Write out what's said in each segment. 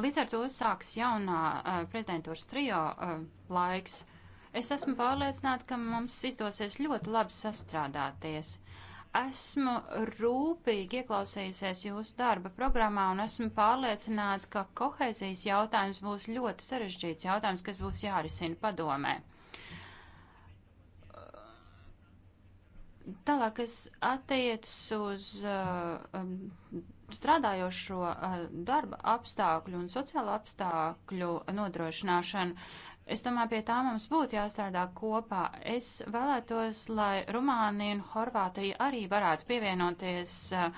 Līdz ar to sāks jaunā uh, prezidentūras trijo uh, laiks. Es esmu pārliecināta, ka mums izdosies ļoti labi sastrādāties. Esmu rūpīgi ieklausījusies jūsu darba programmā un esmu pārliecināta, ka kohēzijas jautājums būs ļoti sarežģīts jautājums, kas būs jārisina padomē. Tālāk, kas attiecas uz uh, um, strādājošo eh, darba apstākļu un sociālo apstākļu nodrošināšanu. Es domāju, pie tā mums būtu jāstrādā kopā. Es vēlētos, lai Rumānija un Horvātija arī varētu pievienoties eh,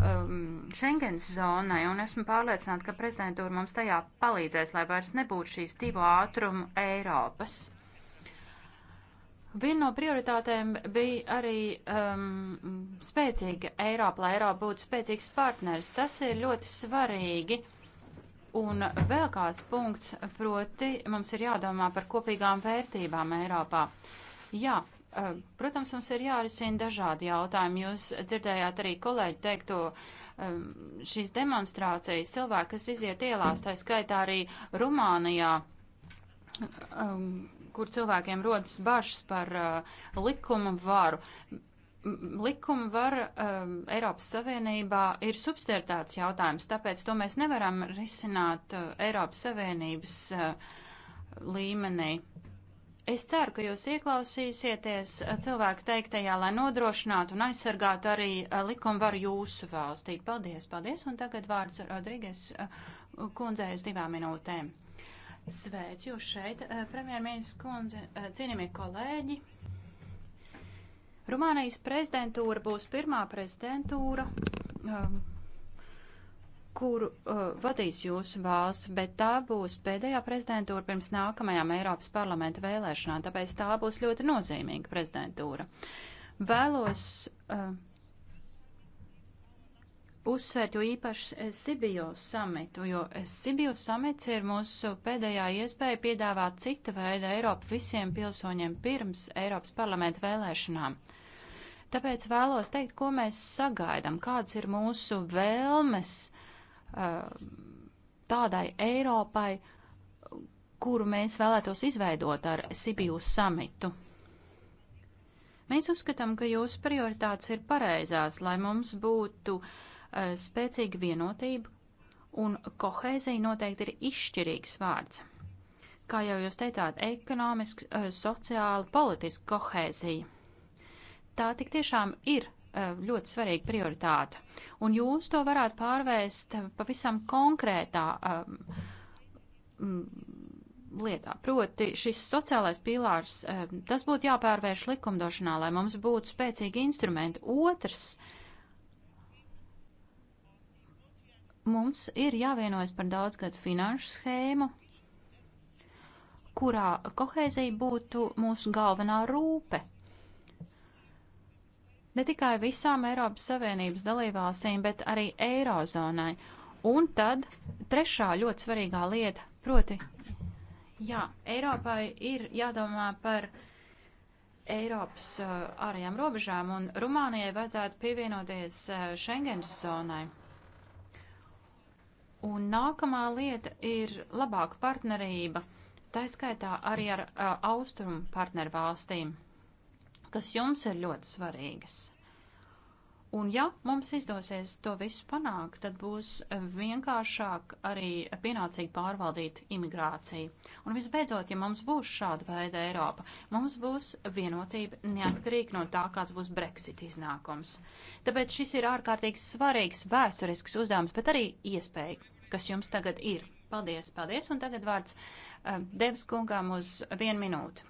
um, Schengens zonai, un esmu pārliecināta, ka prezidentūra mums tajā palīdzēs, lai vairs nebūtu šīs divu ātrumu Eiropas. Viena no prioritātēm bija arī um, spēcīga Eiropa, lai Eiropa būtu spēcīgs partners. Tas ir ļoti svarīgi. Un vēl kāds punkts, proti mums ir jādomā par kopīgām vērtībām Eiropā. Jā, uh, protams, mums ir jārisina dažādi jautājumi. Jūs dzirdējāt arī kolēģi teikto um, šīs demonstrācijas cilvēki, kas iziet ielās, tā skaitā arī Rumānijā. Um, kur cilvēkiem rodas bažas par uh, likuma varu. Likuma vara uh, Eiropas Savienībā ir substērtāts jautājums, tāpēc to mēs nevaram risināt uh, Eiropas Savienības uh, līmenī. Es ceru, ka jūs ieklausīsieties uh, cilvēku teiktajā, lai nodrošinātu un aizsargātu arī uh, likumvaru jūsu valstī. Paldies, paldies, un tagad vārds Rodrīgas uh, kundzei uz divām minūtēm. Sveicu jūs šeit, eh, premjerministrs kundze, eh, cienījamie kolēģi. Rumānijas prezidentūra būs pirmā prezidentūra, ehm, kuru eh, vadīs jūsu valsts, bet tā būs pēdējā prezidentūra pirms nākamajām Eiropas parlamenta vēlēšanām, tāpēc tā būs ļoti nozīmīga prezidentūra. Vēlos uh, uzsvērt jo īpaši Sibijo samitu, jo Sibijo samits ir mūsu pēdējā iespēja piedāvāt cita veida Eiropu visiem pilsoņiem pirms Eiropas parlamenta vēlēšanām. Tāpēc vēlos teikt, ko mēs sagaidām, kāds ir mūsu vēlmes uh, tādai Eiropai, kuru mēs vēlētos izveidot ar Sibiju samitu. Mēs uzskatām, ka jūsu prioritātes ir pareizās, lai mums būtu uh, Eh, spēcīga vienotība, un kohēzija noteikti ir izšķirīgs vārds. Kā jau jūs teicāt, ekonomiski, eh, sociāli, politiski kohēzija. Tā tik tiešām ir eh, ļoti svarīga prioritāte, un jūs to varētu pārvērst pavisam konkrētā um, lietā. Proti, šis sociālais pīlārs, tas būtu jāpārvērš likumdošanā, lai mums būtu spēcīgi instrumenti. Otrs Mums ir jāvienojas par daudzgadu finanšu schēmu, kurā kohēzija būtu mūsu galvenā rūpe. Ne tikai visām Eiropas Savienības dalībvalstīm, bet arī Eirozonai. Un tad trešā ļoti svarīgā lieta, proti, jā, Eiropai ir jādomā par Eiropas uh, ārējām robežām, un Rumānijai vajadzētu pievienoties uh, Schengens zonai. Un nākamā lieta ir labāka partnerība, tā skaitā arī ar uh, austrumu partneru valstīm, kas jums ir ļoti svarīgas. Un ja mums izdosies to visu panākt, tad būs vienkāršāk arī pienācīgi pārvaldīt imigrāciju. Un visbeidzot, ja mums būs šāda veida Eiropa, mums būs vienotība neatkarīgi no tā, kāds būs Brexit iznākums. Tāpēc šis ir ārkārtīgi svarīgs vēsturisks uzdevums, bet arī iespēja kas jums tagad ir. Paldies, paldies, un tagad vārds uh, Devs kungām uz vienu minūti.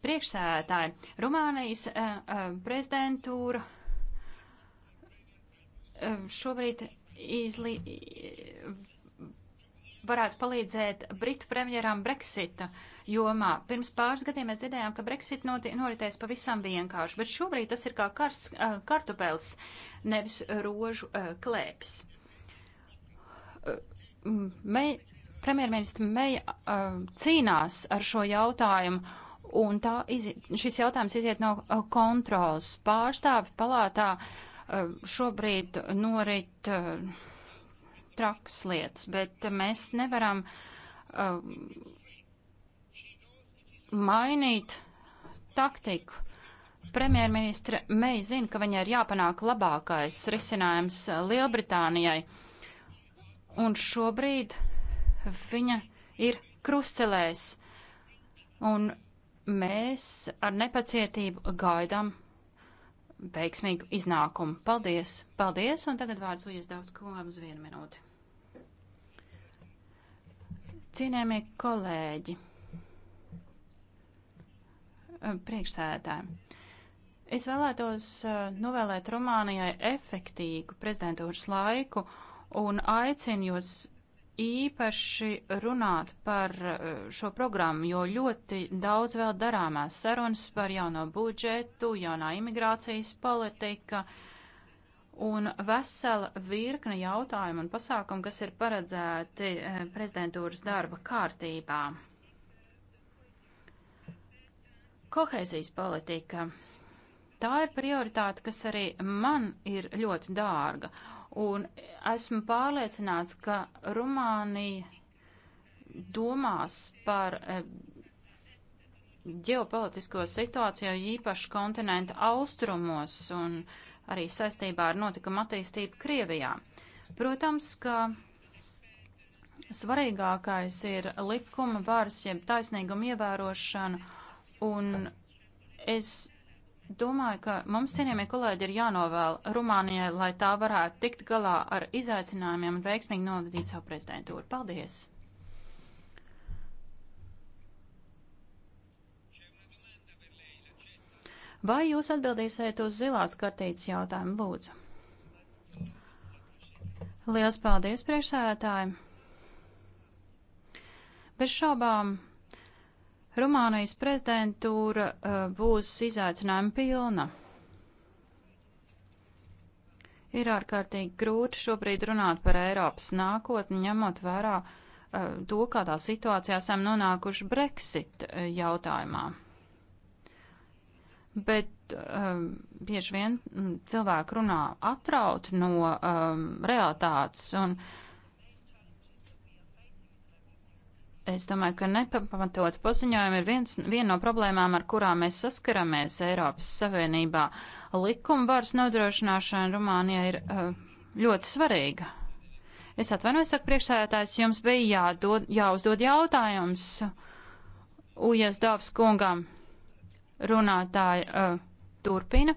Priekšsētāji, Rumānijas uh, uh, prezidentūra uh, šobrīd izli, varētu palīdzēt Britu premjeram Brexita jomā. Pirms pāris gadiem mēs dzirdējām, ka Brexit noritēs pavisam vienkārši, bet šobrīd tas ir kā karsts kartupēls, nevis rožu klēps. Mei, premjerministra Meija uh, cīnās ar šo jautājumu, un tā, izi, šis jautājums iziet no uh, kontrols. Pārstāvi palātā uh, šobrīd norit uh, traks lietas, bet mēs nevaram uh, mainīt taktiku. Premjerministra Meija zina, ka viņai ir jāpanāk labākais risinājums Lielbritānijai. Uh, Un šobrīd viņa ir krustcelēs, un mēs ar nepacietību gaidām veiksmīgu iznākumu. Paldies! Paldies! Un tagad vārds Ujas Daudz kungam uz vienu minūti. Cienējamie kolēģi, priekšsēdētāji, es vēlētos eh, novēlēt Rumānijai efektīgu prezidentūras laiku un aicinu jūs īpaši runāt par uh, šo programmu, jo ļoti daudz vēl darāmās sarunas par jauno budžetu, jaunā imigrācijas politika un vesela virkne jautājumu un pasākumu, kas ir paredzēti uh, prezidentūras darba kārtībā. Kohēzijas politika. Tā ir prioritāte, kas arī man ir ļoti dārga. Un esmu pārliecināts, ka Rumānija domās par e, ģeopolitisko situāciju īpaši kontinenta austrumos un arī saistībā ar notikumu attīstību Krievijā. Protams, ka svarīgākais ir likuma varas, jeb taisnīguma ievērošana, un es Domāju, ka mums, cienījamie kolēģi, ir jānovēl Rumānijai, lai tā varētu tikt galā ar izaicinājumiem un veiksmīgi novadīt savu prezidentūru. Paldies! Vai jūs atbildīsiet uz zilās kartītes jautājumu, lūdzu? Lielas paldies, priekšsēdētāji! Bez šaubām Rumānijas prezidentūra uh, būs izaicinājuma pilna. Ir ārkārtīgi grūti šobrīd runāt par Eiropas nākotni, ņemot vērā uh, to, kādā situācijā esam nonākuši Brexit uh, jautājumā. Bet um, bieži vien mm, cilvēki runā atrauti no um, realitātes un uh, Es domāju, ka nepamatot paziņojumi ir viens, viena no problēmām, ar kurām mēs saskaramies Eiropas Savienībā. Likuma varas nodrošināšana Rumānijā ir uh, ļoti svarīga. Es atvainojos, saka priekšsēdētājs, jums bija jādod, jāuzdod jautājums Ujas Dāvs kungam. Runātāja uh, turpina.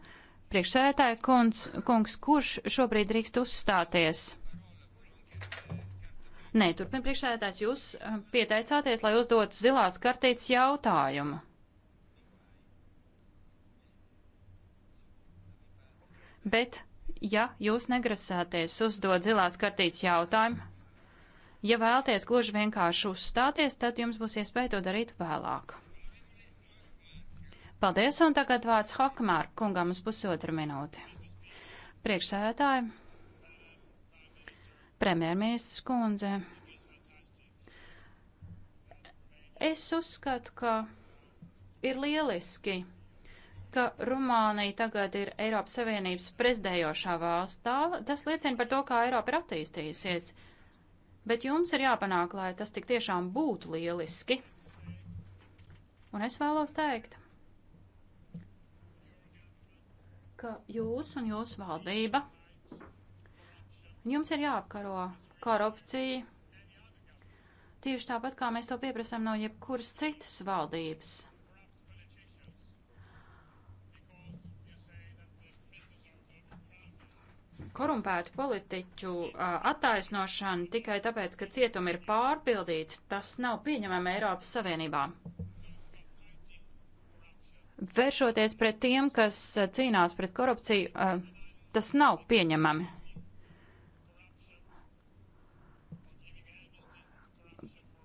Priekšsēdētāja kungs, kungs, kurš šobrīd drīkst uzstāties? Nē, turpin priekšsēdētājs, jūs eh, pieteicāties, lai uzdotu zilās kartītes jautājumu. Bet, ja jūs negrasāties uzdot zilās kartītes jautājumu, ja vēlties gluži vienkārši uzstāties, tad jums būs iespēja to darīt vēlāk. Paldies, un tagad vārds Hokmār kungam uz pusotru minūti. Priekšsēdētāji. Premjerministrs kundze, es uzskatu, ka ir lieliski, ka Rumānija tagad ir Eiropas Savienības prezidējošā valsts. Tā, tas liecina par to, kā Eiropa ir attīstījusies. Bet jums ir jāpanāk, lai tas tik tiešām būtu lieliski. Un es vēlos teikt, ka jūs un jūsu valdība Jums ir jāapkaro korupcija, tieši tāpat kā mēs to pieprasām no jebkuras citas valdības. korumpētu politiķu attaisnošana tikai tāpēc, ka cietumi ir pārpildīti, tas nav pieņemama Eiropas Savienībā. Vēršoties pret tiem, kas cīnās pret korupciju, tas nav pieņemami.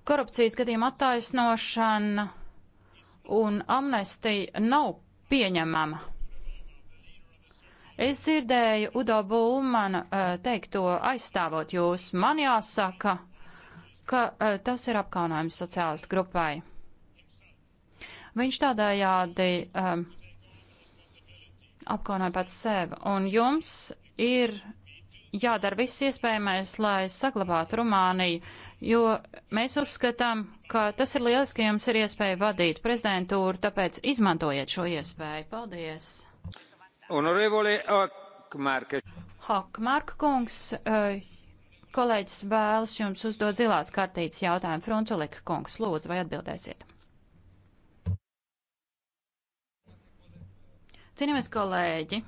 korupcijas gadījuma attaisnošana un amnestija nav pieņemama. Es dzirdēju Udo Bulmana eh, teikto aizstāvot jūs. Man jāsaka, ka eh, tas ir apkaunājums sociālistu grupai. Viņš tādējādi um, eh, apkaunāja pats sevi. Un jums ir jādara viss iespējamais, lai saglabātu Rumāniju jo mēs uzskatām, ka tas ir lieliski, ka jums ir iespēja vadīt prezidentūru, tāpēc izmantojiet šo iespēju. Paldies! Honorevole Hokmārka. Hokmārka kungs, eh, kolēģis vēlas jums uzdot zilās kartītes jautājumu. Frunčulika kungs, lūdzu, vai atbildēsiet? Cienījamies kolēģi,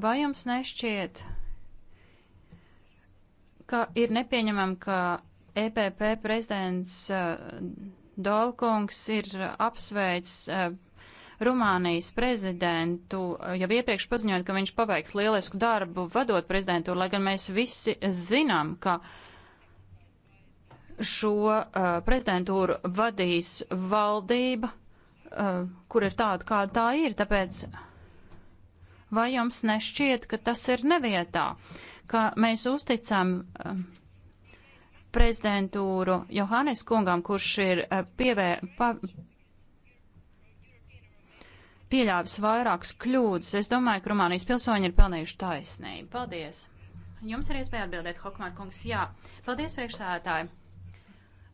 vai jums nešķiet, ka ir nepieņemam, ka EPP prezidents uh, Dolkungs ir uh, apsveicis uh, Rumānijas prezidentu, jau iepriekš paziņot, ka viņš paveiks lielisku darbu vadot prezidentu, lai gan mēs visi zinām, ka šo prezidentūru vadīs valdība, kur ir tāda, kāda tā ir, tāpēc vai jums nešķiet, ka tas ir nevietā? Uh, ka mēs uzticam eh, prezidentūru Johannes kungam, kurš ir eh, pievē, pa, pieļāvis vairākas kļūdas. Es domāju, ka Rumānijas pilsoņi ir pelnījuši taisnību. Paldies! Jums ir iespēja atbildēt, Hokmār kungs, jā. Paldies, priekšsēdētāji!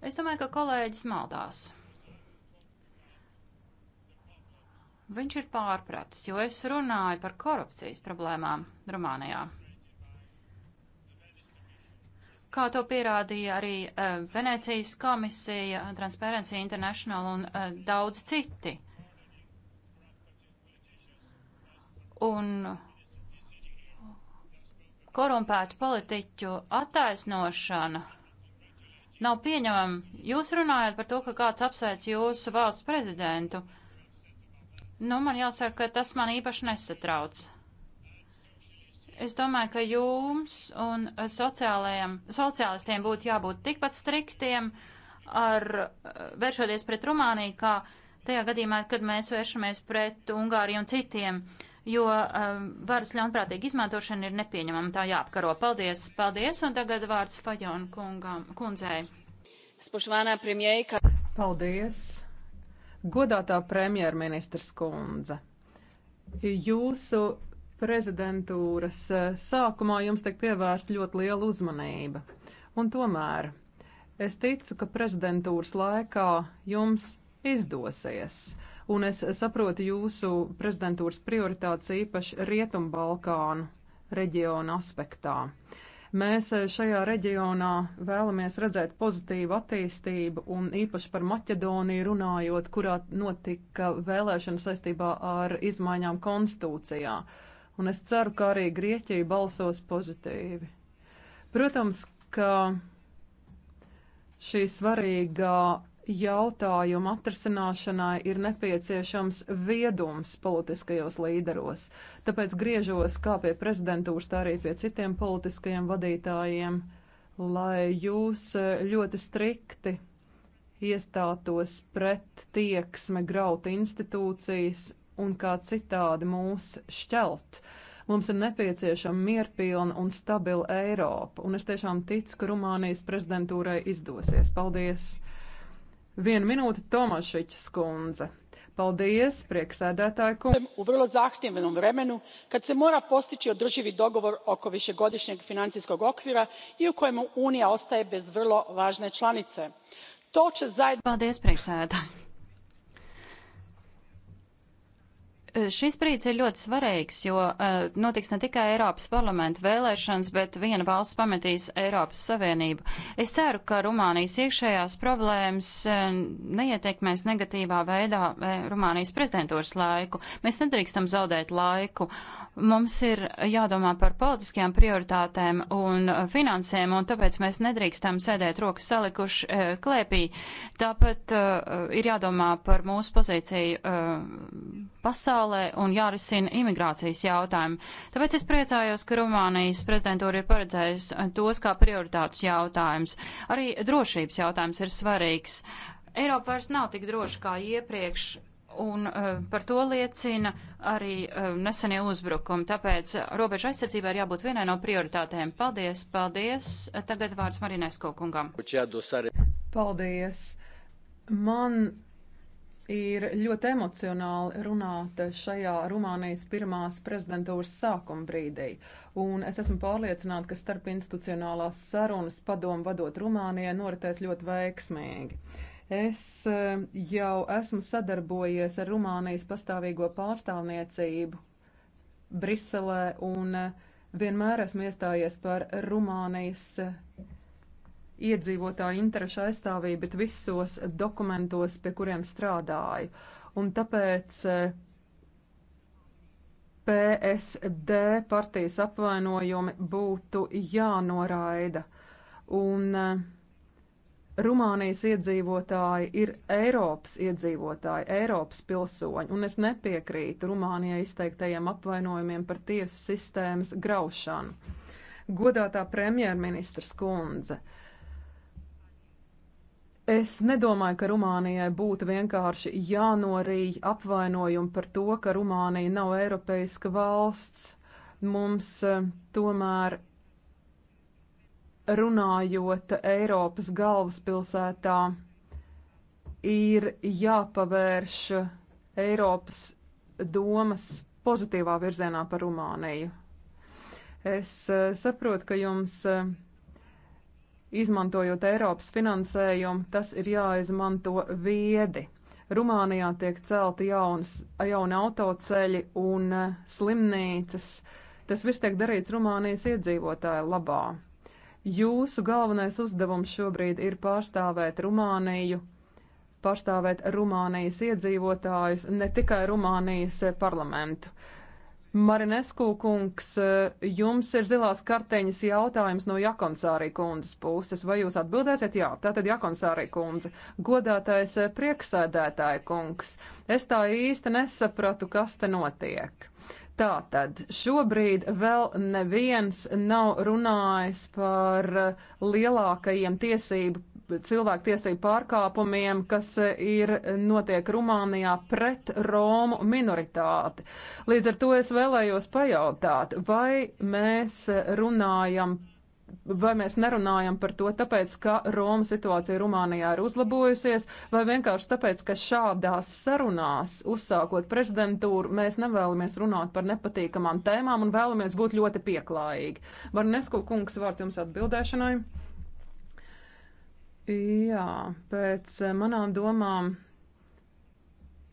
Es domāju, ka kolēģis maldās. Viņš ir pārpratis, jo es runāju par korupcijas problēmām Rumānijā. Kā to pierādīja arī uh, Venecijas komisija, Transparency International un uh, daudz citi. Un korumpētu politiķu attaisnošana nav pieņemama. Jūs runājat par to, ka kāds apsveic jūsu valsts prezidentu. Nu, man jāsaka, ka tas man īpaši nesatrauc. Es domāju, ka jums un eh, sociālajiem, sociālistiem būtu jābūt tikpat striktiem ar eh, vēršoties pret Rumāniju, kā tajā gadījumā, kad mēs vēršamies pret Ungāriju un citiem, jo um, varas ļaunprātīga izmantošana ir nepieņemama, tā jāapkaro. Paldies, paldies, un tagad vārds Fajona kungam, kundzei. Spušvānā premjēka. Paldies, godātā premjerministrs kundze. Jūsu prezidentūras eh, sākumā jums tiek pievērsta ļoti liela uzmanība. Un tomēr es ticu, ka prezidentūras laikā jums izdosies. Un es saprotu jūsu prezidentūras prioritātes īpaši Rietumbalkānu reģionu aspektā. Mēs eh, šajā reģionā vēlamies redzēt pozitīvu attīstību, un īpaši par Maķedoniju runājot, kurā notika vēlēšana saistībā ar izmaiņām konstitūcijā. Uh, un es ceru, ka arī Grieķija balsos pozitīvi. Protams, ka šī svarīgā jautājuma atrasināšanai ir nepieciešams viedums politiskajos līderos. Tāpēc griežos kā pie prezidentūras, tā arī pie citiem politiskajiem vadītājiem, lai jūs ļoti strikti iestātos pret tieksme graut institūcijas un kā citādi mūs šķelt. Mums ir nepieciešama mierpilna un stabila Eiropa, un es tiešām ticu, ka Rumānijas prezidentūrai izdosies. Paldies! Vienu minūti Tomašiķis kundze. Paldies, prieksēdētāji kungs. U vrlo zahtjevnom vremenu, kad se mora postići održivi dogovor oko višegodišnjeg financijskog okvira i u kojemu Unija ostaje bez vrlo važne članice. To će zajedno... Paldies, prieksēdētāji. Eh, šis brīdis ir ļoti svarīgs, jo uh, notiks ne tikai Eiropas parlamenta vēlēšanas, bet viena valsts pametīs Eiropas Savienību. Es ceru, ka Rumānijas iekšējās problēmas uh, neietekmēs negatīvā veidā uh, Rumānijas prezidentūras laiku. Mēs nedrīkstam zaudēt laiku. Mums ir jādomā par politiskajām prioritātēm un finansēm, un tāpēc mēs nedrīkstam sēdēt rokas salikuši uh, klēpī. Tāpat uh, ir jādomā par mūsu pozīciju uh, pasaulē pasaulē un jārisina imigrācijas jautājumi. Tāpēc es priecājos, ka Rumānijas prezidentūra ir paredzējusi tos kā prioritātus jautājumus. Arī drošības jautājums ir svarīgs. Eiropa vairs nav tik droša kā iepriekš. Un uh, par to liecina arī uh, nesenie uzbrukumi. Tāpēc robežu aizsardzībai ir jābūt vienai no prioritātēm. Paldies, paldies. Tagad vārds Marinesko kungam. Paldies. Man ir ļoti emocionāli runāt šajā Rumānijas pirmās prezidentūras sākuma brīdī. Un es esmu pārliecināta, ka starp institucionālās sarunas padomu vadot Rumānijai noritēs ļoti veiksmīgi. Es eh, jau esmu sadarbojies ar Rumānijas pastāvīgo pārstāvniecību Briselē un eh, vienmēr esmu iestājies par Rumānijas iedzīvotāju interešu aizstāvību, bet visos dokumentos, pie kuriem strādāju. Un tāpēc eh, PSD partijas apvainojumi būtu jānoraida. Un eh, Rumānijas iedzīvotāji ir Eiropas iedzīvotāji, Eiropas pilsoņi, un es nepiekrītu Rumānijai izteiktajiem apvainojumiem par tiesu sistēmas graušanu. Godātā premjerministra skundze, uh, Es nedomāju, ka Rumānijai būtu vienkārši jānorīj apvainojumi par to, ka Rumānija nav Eiropeiska valsts. Mums eh, tomēr runājot Eiropas galvaspilsētā ir jāpavērš Eiropas domas pozitīvā virzienā par Rumāniju. Es eh, saprotu, ka jums eh, Izmantojot Eiropas finansējumu, tas ir jāizmanto viedi. Rumānijā tiek celti jaunas, jauni autoceļi un eh, slimnīcas. Tas viss tiek darīts Rumānijas iedzīvotāju labā. Jūsu galvenais uzdevums šobrīd ir pārstāvēt Rumāniju, pārstāvēt Rumānijas iedzīvotājus, ne tikai Rumānijas eh, parlamentu. Marinesku kungs, eh, jums ir zilās karteņas jautājums no Jakonsārī kundzes puses. Vai jūs atbildēsiet? Jā, tātad Jakonsārī kundze. Godātais eh, prieksēdētāja kungs, es tā īsti nesapratu, kas te notiek. Tātad šobrīd vēl neviens nav runājis par eh, lielākajiem tiesību cilvēktiesību pārkāpumiem, kas e, ir e, notiek Rumānijā pret Romu minoritāti. Līdz ar to es vēlējos pajautāt, vai mēs runājam. Vai mēs nerunājam par to, tāpēc, ka Roma situācija Rumānijā ir uzlabojusies, vai vienkārši tāpēc, ka šādās sarunās, uzsākot prezidentūru, mēs nevēlamies runāt par nepatīkamām tēmām un vēlamies būt ļoti pieklājīgi. Var Nesku kungs vārds jums atbildēšanai? Jā, pēc eh, manām domām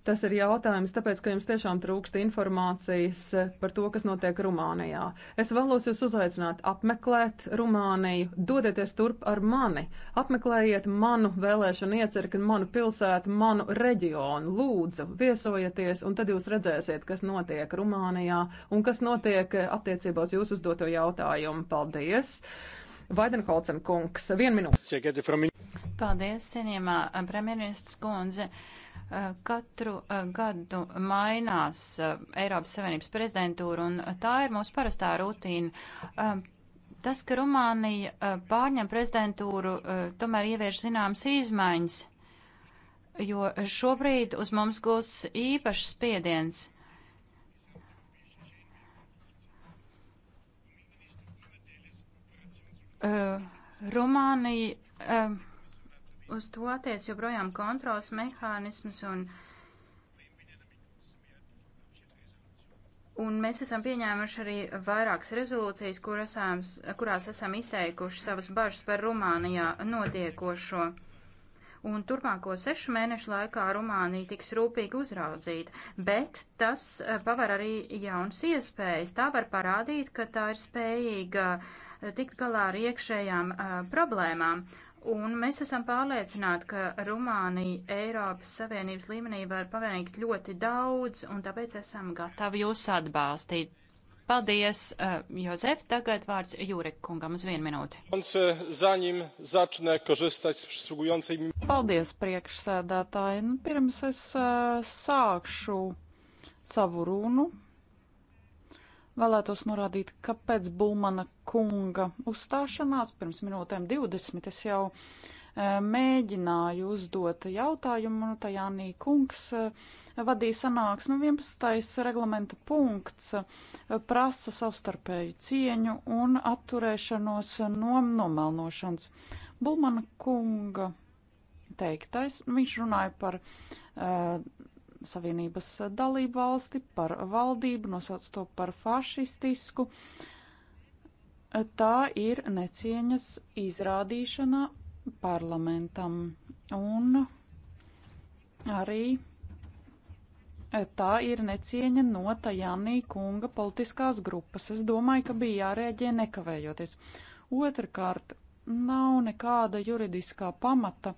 tas ir jautājums, tāpēc, ka jums tiešām trūkst informācijas eh, par to, kas notiek Rumānijā. Es vēlos jūs uzaicināt apmeklēt Rumāniju, dodieties turp ar mani, apmeklējiet manu vēlēšanu iecerku, manu pilsētu, manu reģionu, lūdzu, viesojieties, un tad jūs redzēsiet, kas notiek Rumānijā un kas notiek eh, attiecībā uz jūsu uzdoto jautājumu. Paldies! Vaidenholcem kungs, vienu minūti. Paldies, cienījamā premjerministrs kundze. Katru gadu mainās eh, Eiropas Savienības prezidentūra, un tā ir mūsu parastā rutīna. Eh, tas, ka Rumānija eh, pārņem prezidentūru, tomēr ievieš zināmas izmaiņas, jo šobrīd uz mums gūs īpašs spiediens. Uh, Rumānija uh, uz to attiec joprojām kontrols mehānismus un. Un mēs esam pieņēmuši arī vairākas rezolūcijas, kur esam, kurās esam izteikuši savas bažas par Rumānijā notiekošo. Un turpmāko sešu mēnešu laikā Rumānija tiks rūpīgi uzraudzīta, bet tas eh, paver arī jauns iespējas. Tā var parādīt, ka tā ir spējīga uh, tikt galā ar iekšējām problēmām. Un mēs esam pārliecināti, ka Rumānija Eiropas Savienības līmenī var paveikt ļoti daudz, un tāpēc esam gatavi jūs atbalstīt. Paldies, Jozef. Tagad vārds Jūrek kungam uz vienu minūti. Paldies, priekšsēdētāji. Nu, pirms es sākšu savu runu, Vēlētos norādīt, ka pēc Bulmana kunga uzstāšanās pirms minūtēm 20 es jau e, mēģināju uzdot jautājumu, un Tajānī kungs e, vadīja sanāksmi 11. reglamenta punkts, e, prasa savstarpēju cieņu un atturēšanos no nomelnošanas. Bulmana kunga teiktais, viņš runāja par uh, Savienības dalību valsti, par valdību, nosauc to par fašistisku. Tā ir necieņas izrādīšana parlamentam un arī tā ir necieņa no Tajānī kunga politiskās grupas. Es domāju, ka bija jārēģē nekavējoties. Otrakārt, nav nekāda juridiskā pamata,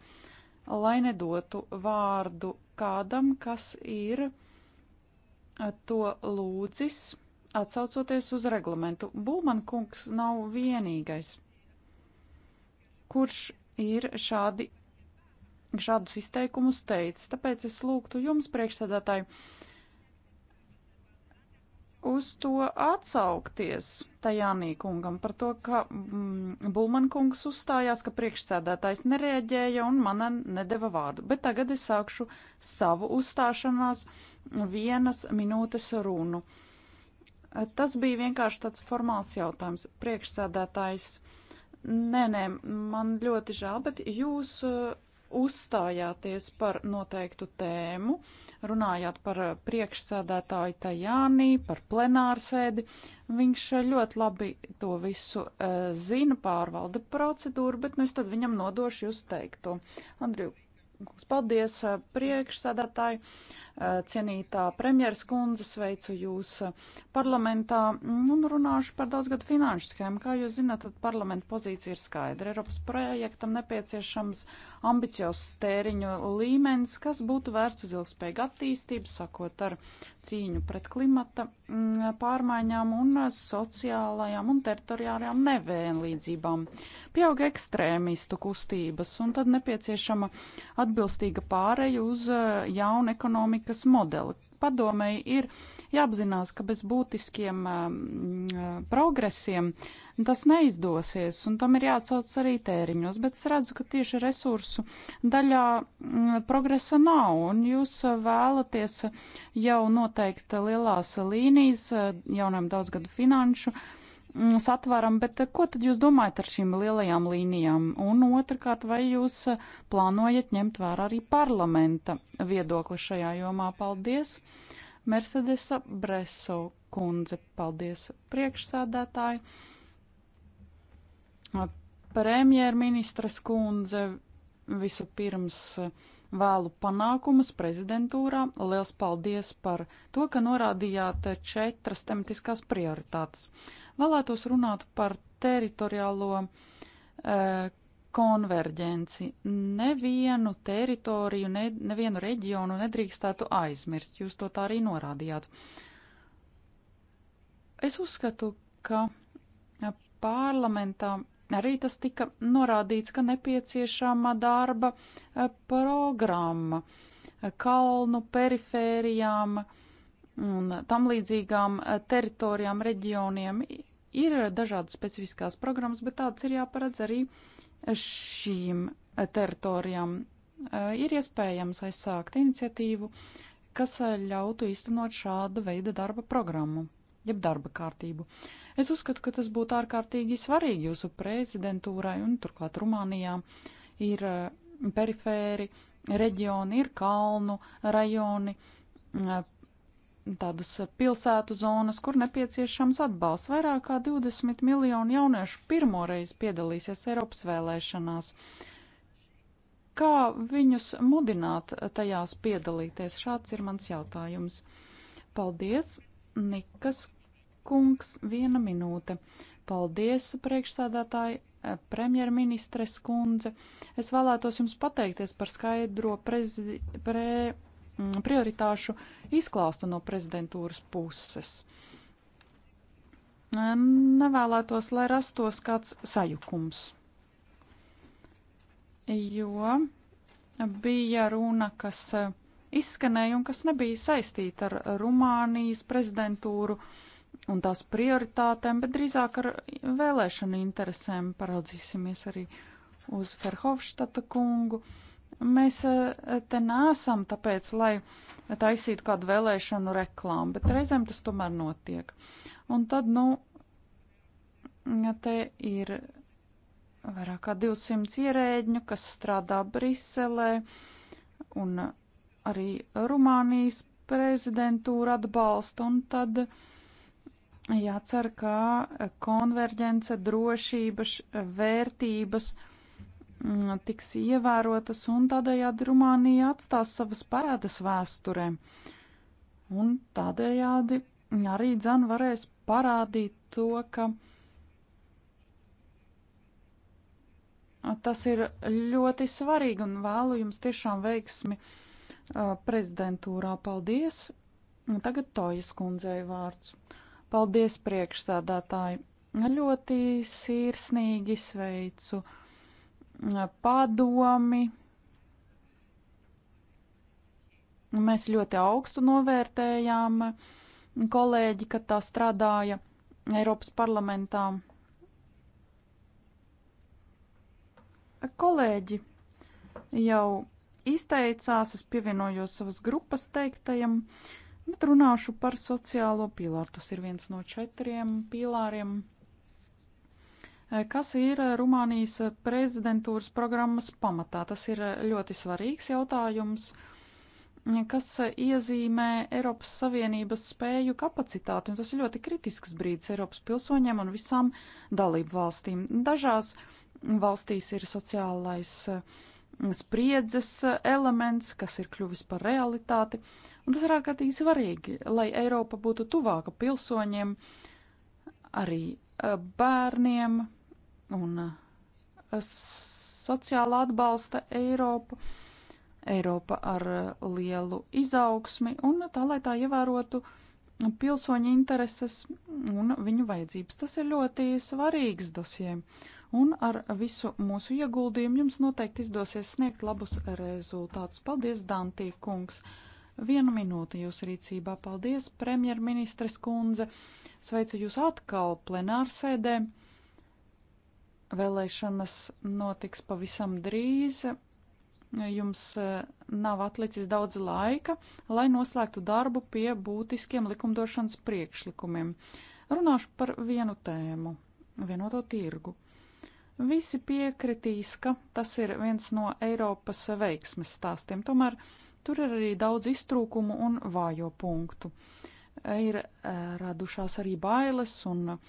lai nedotu vārdu kādam, kas ir to lūdzis, atsaucoties uz reglamentu. Būman kungs nav vienīgais, kurš ir šādi, šādus izteikumus teicis, tāpēc es lūgtu jums, priekšsēdētāji, uh, uz to atsaukties Tajānī kungam par to, ka mm, Bulman kungs uzstājās, ka priekšsēdētājs nereaģēja un man nedeva vārdu. Bet tagad es sākšu savu uzstāšanās vienas minūtes runu. Tas bija vienkārši tāds formāls jautājums. Priekšsēdētājs, nē, nē, man ļoti žēl, bet jūs uzstājāties par noteiktu tēmu, runājāt par priekšsēdētāju Tajānī, par plenārsēdi. Viņš eh, ļoti labi to visu uh, zina, pārvalda procedūru, bet nu es tad viņam nodošu jūs teikto. Andriju, paldies eh, priekšsēdētāju. Uh, Eh, cienītā premjeras kundze, sveicu jūs parlamentā un runāšu par daudzgadu finanšu schēmu. Kā jūs zināt, tad parlamenta pozīcija ir skaidra. Eiropas projektam nepieciešams ambiciozs tēriņu līmenis, kas būtu vērsts uz ilgspējīgu attīstību, sakot ar cīņu pret klimata mm, pārmaiņām un sociālajām un teritoriālajām nevienlīdzībām. Pieauga ekstrēmistu kustības un tad nepieciešama atbilstīga pāreja uz eh, jaunu ekonomiku politikas modeli. Padomēji ir jāapzinās, ka bez būtiskiem um, uh, progresiem tas neizdosies, un tam ir jāatsauc arī tēriņos, bet es redzu, ka tieši resursu daļā mm, progresa nav, un jūs uh, vēlaties jau noteikt lielās līnijas uh, jaunam daudzgadu finanšu Mm, satvaram, bet eh, ko tad jūs domājat ar šīm lielajām līnijām? Un otrkārt, vai jūs eh, plānojat ņemt vērā arī parlamenta viedokli šajā jomā? Paldies! Mercedesa Breso kundze, paldies priekšsādātāji! Premjerministras kundze visu pirms eh, vēlu panākumus prezidentūrā. Liels paldies par to, ka norādījāt četras tematiskās prioritātes. Vēlētos runāt par teritoriālo e, konverģenci. Nevienu teritoriju, ne, nevienu reģionu nedrīkstētu aizmirst. Jūs to tā arī norādījāt. Es uzskatu, ka parlamentā arī tas tika norādīts, ka nepieciešama darba eh, programma kalnu perifērijām, uh, un tam līdzīgām eh, teritorijām, reģioniem ir dažādas specifiskās programmas, bet tādas ir jāparedz arī šīm eh, teritorijām. Eh, ir iespējams aizsākt iniciatīvu, kas ļautu īstenot šādu veidu darba programmu, jeb darba kārtību. Es uzskatu, ka tas būtu ārkārtīgi svarīgi jūsu prezidentūrai un turklāt Rumānijā ir perifēri reģioni, ir kalnu rajoni, tādas pilsētu zonas, kur nepieciešams atbalsts. Vairāk kā 20 miljonu jauniešu pirmoreiz piedalīsies Eiropas vēlēšanās. Kā viņus mudināt tajās piedalīties? Šāds ir mans jautājums. Paldies, Nikas kungs, viena minūte. Paldies, priekšsādātāji, premjerministres kundze. Es vēlētos jums pateikties par skaidro prezi, pre, Mm, prioritāšu izklāstu no prezidentūras puses. Nevēlētos, lai rastos kāds sajukums, jo bija runa, kas e, izskanēja un kas nebija saistīta ar Rumānijas prezidentūru un tās prioritātēm, bet drīzāk ar vēlēšanu interesēm. Paraudzīsimies arī uz Ferhofštata kungu. Uh, Mēs e, te nesam tāpēc, lai taisītu kādu vēlēšanu reklāmu, bet reizēm tas tomēr notiek. Un tad, nu, te ir vairāk kā 200 ierēģņu, kas strādā Briselē, un arī Rumānijas prezidentūra atbalsta, un tad jācer, ka konverģence, drošības, vērtības, uh, Mm, tiks ievērotas un tādējādi Rumānija atstās savas pēdas vēsturē. Un tādējādi arī dzan varēs parādīt to, ka tas ir ļoti svarīgi un vēlu jums tiešām veiksmi prezidentūrā. Paldies! Tagad Tojas kundzei vārds. Paldies priekšsādātāji! Ļoti sirsnīgi sveicu! padomi. Mēs ļoti augstu novērtējām kolēģi, kad tā strādāja Eiropas parlamentā. Kolēģi jau izteicās, es pievienojos savas grupas teiktajam, bet runāšu par sociālo pīlāru. Tas ir viens no četriem pīlāriem Eh, kas ir eh, Rumānijas eh, prezidentūras programmas pamatā? Tas ir ļoti svarīgs jautājums, mm, kas iezīmē Eiropas Savienības spēju kapacitāti, un tas ir ļoti kritisks brīdis Eiropas pilsoņiem un visām dalību valstīm. Dažās valstīs ir sociālais spriedzes elements, kas ir kļuvis par realitāti, un tas ir ārkārtīgi svarīgi, lai Eiropa būtu tuvāka pilsoņiem, arī bērniem, un uh, sociāla atbalsta Eiropu, Eiropa ar uh, lielu izaugsmi un tā, lai tā ievērotu pilsoņu intereses un viņu vajadzības. Tas ir ļoti svarīgs dosie, un ar visu mūsu ieguldījumu jums noteikti izdosies sniegt labus rezultātus. Paldies, Dantī kungs! Vienu minūti jūsu rīcībā. Paldies, premjerministres kundze! Sveicu jūs atkal plenārsēdē! Ar Vēlēšanas notiks pavisam drīz. Jums e, nav atlicis daudz laika, lai noslēgtu darbu pie būtiskiem likumdošanas priekšlikumiem. Runāšu par vienu tēmu - vienoto tirgu. Visi piekritīs, ka tas ir viens no Eiropas veiksmes stāstiem, tomēr tur ir arī daudz iztrūkumu un vājo punktu. Ir e, radušās arī bailes un uh,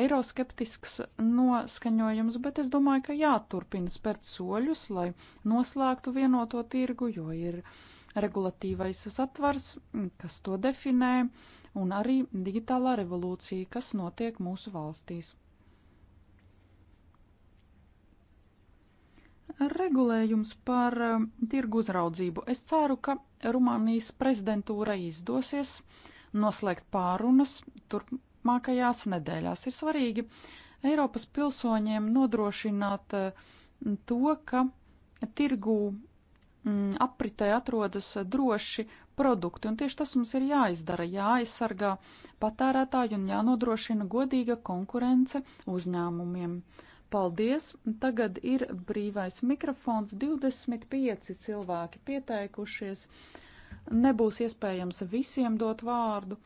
eiroskeptisks noskaņojums, bet es domāju, ka jāturpina spērt soļus, lai noslēgtu vienoto tirgu, jo ir regulatīvais satvars, kas to definē, un arī digitālā revolūcija, kas notiek mūsu valstīs. regulējums par um, tirgu uzraudzību. Es ceru, ka Rumānijas prezidentūra izdosies noslēgt pārunas turp turpmākajās nedēļās. Ir svarīgi Eiropas pilsoņiem nodrošināt mm, to, ka tirgū mm, apritē atrodas droši produkti, un tieši tas mums ir jāizdara, jāaizsargā patērētāji un jānodrošina godīga konkurence uzņēmumiem. Paldies! Tagad ir brīvais mikrofons, 25 cilvēki pieteikušies, nebūs iespējams visiem dot vārdu.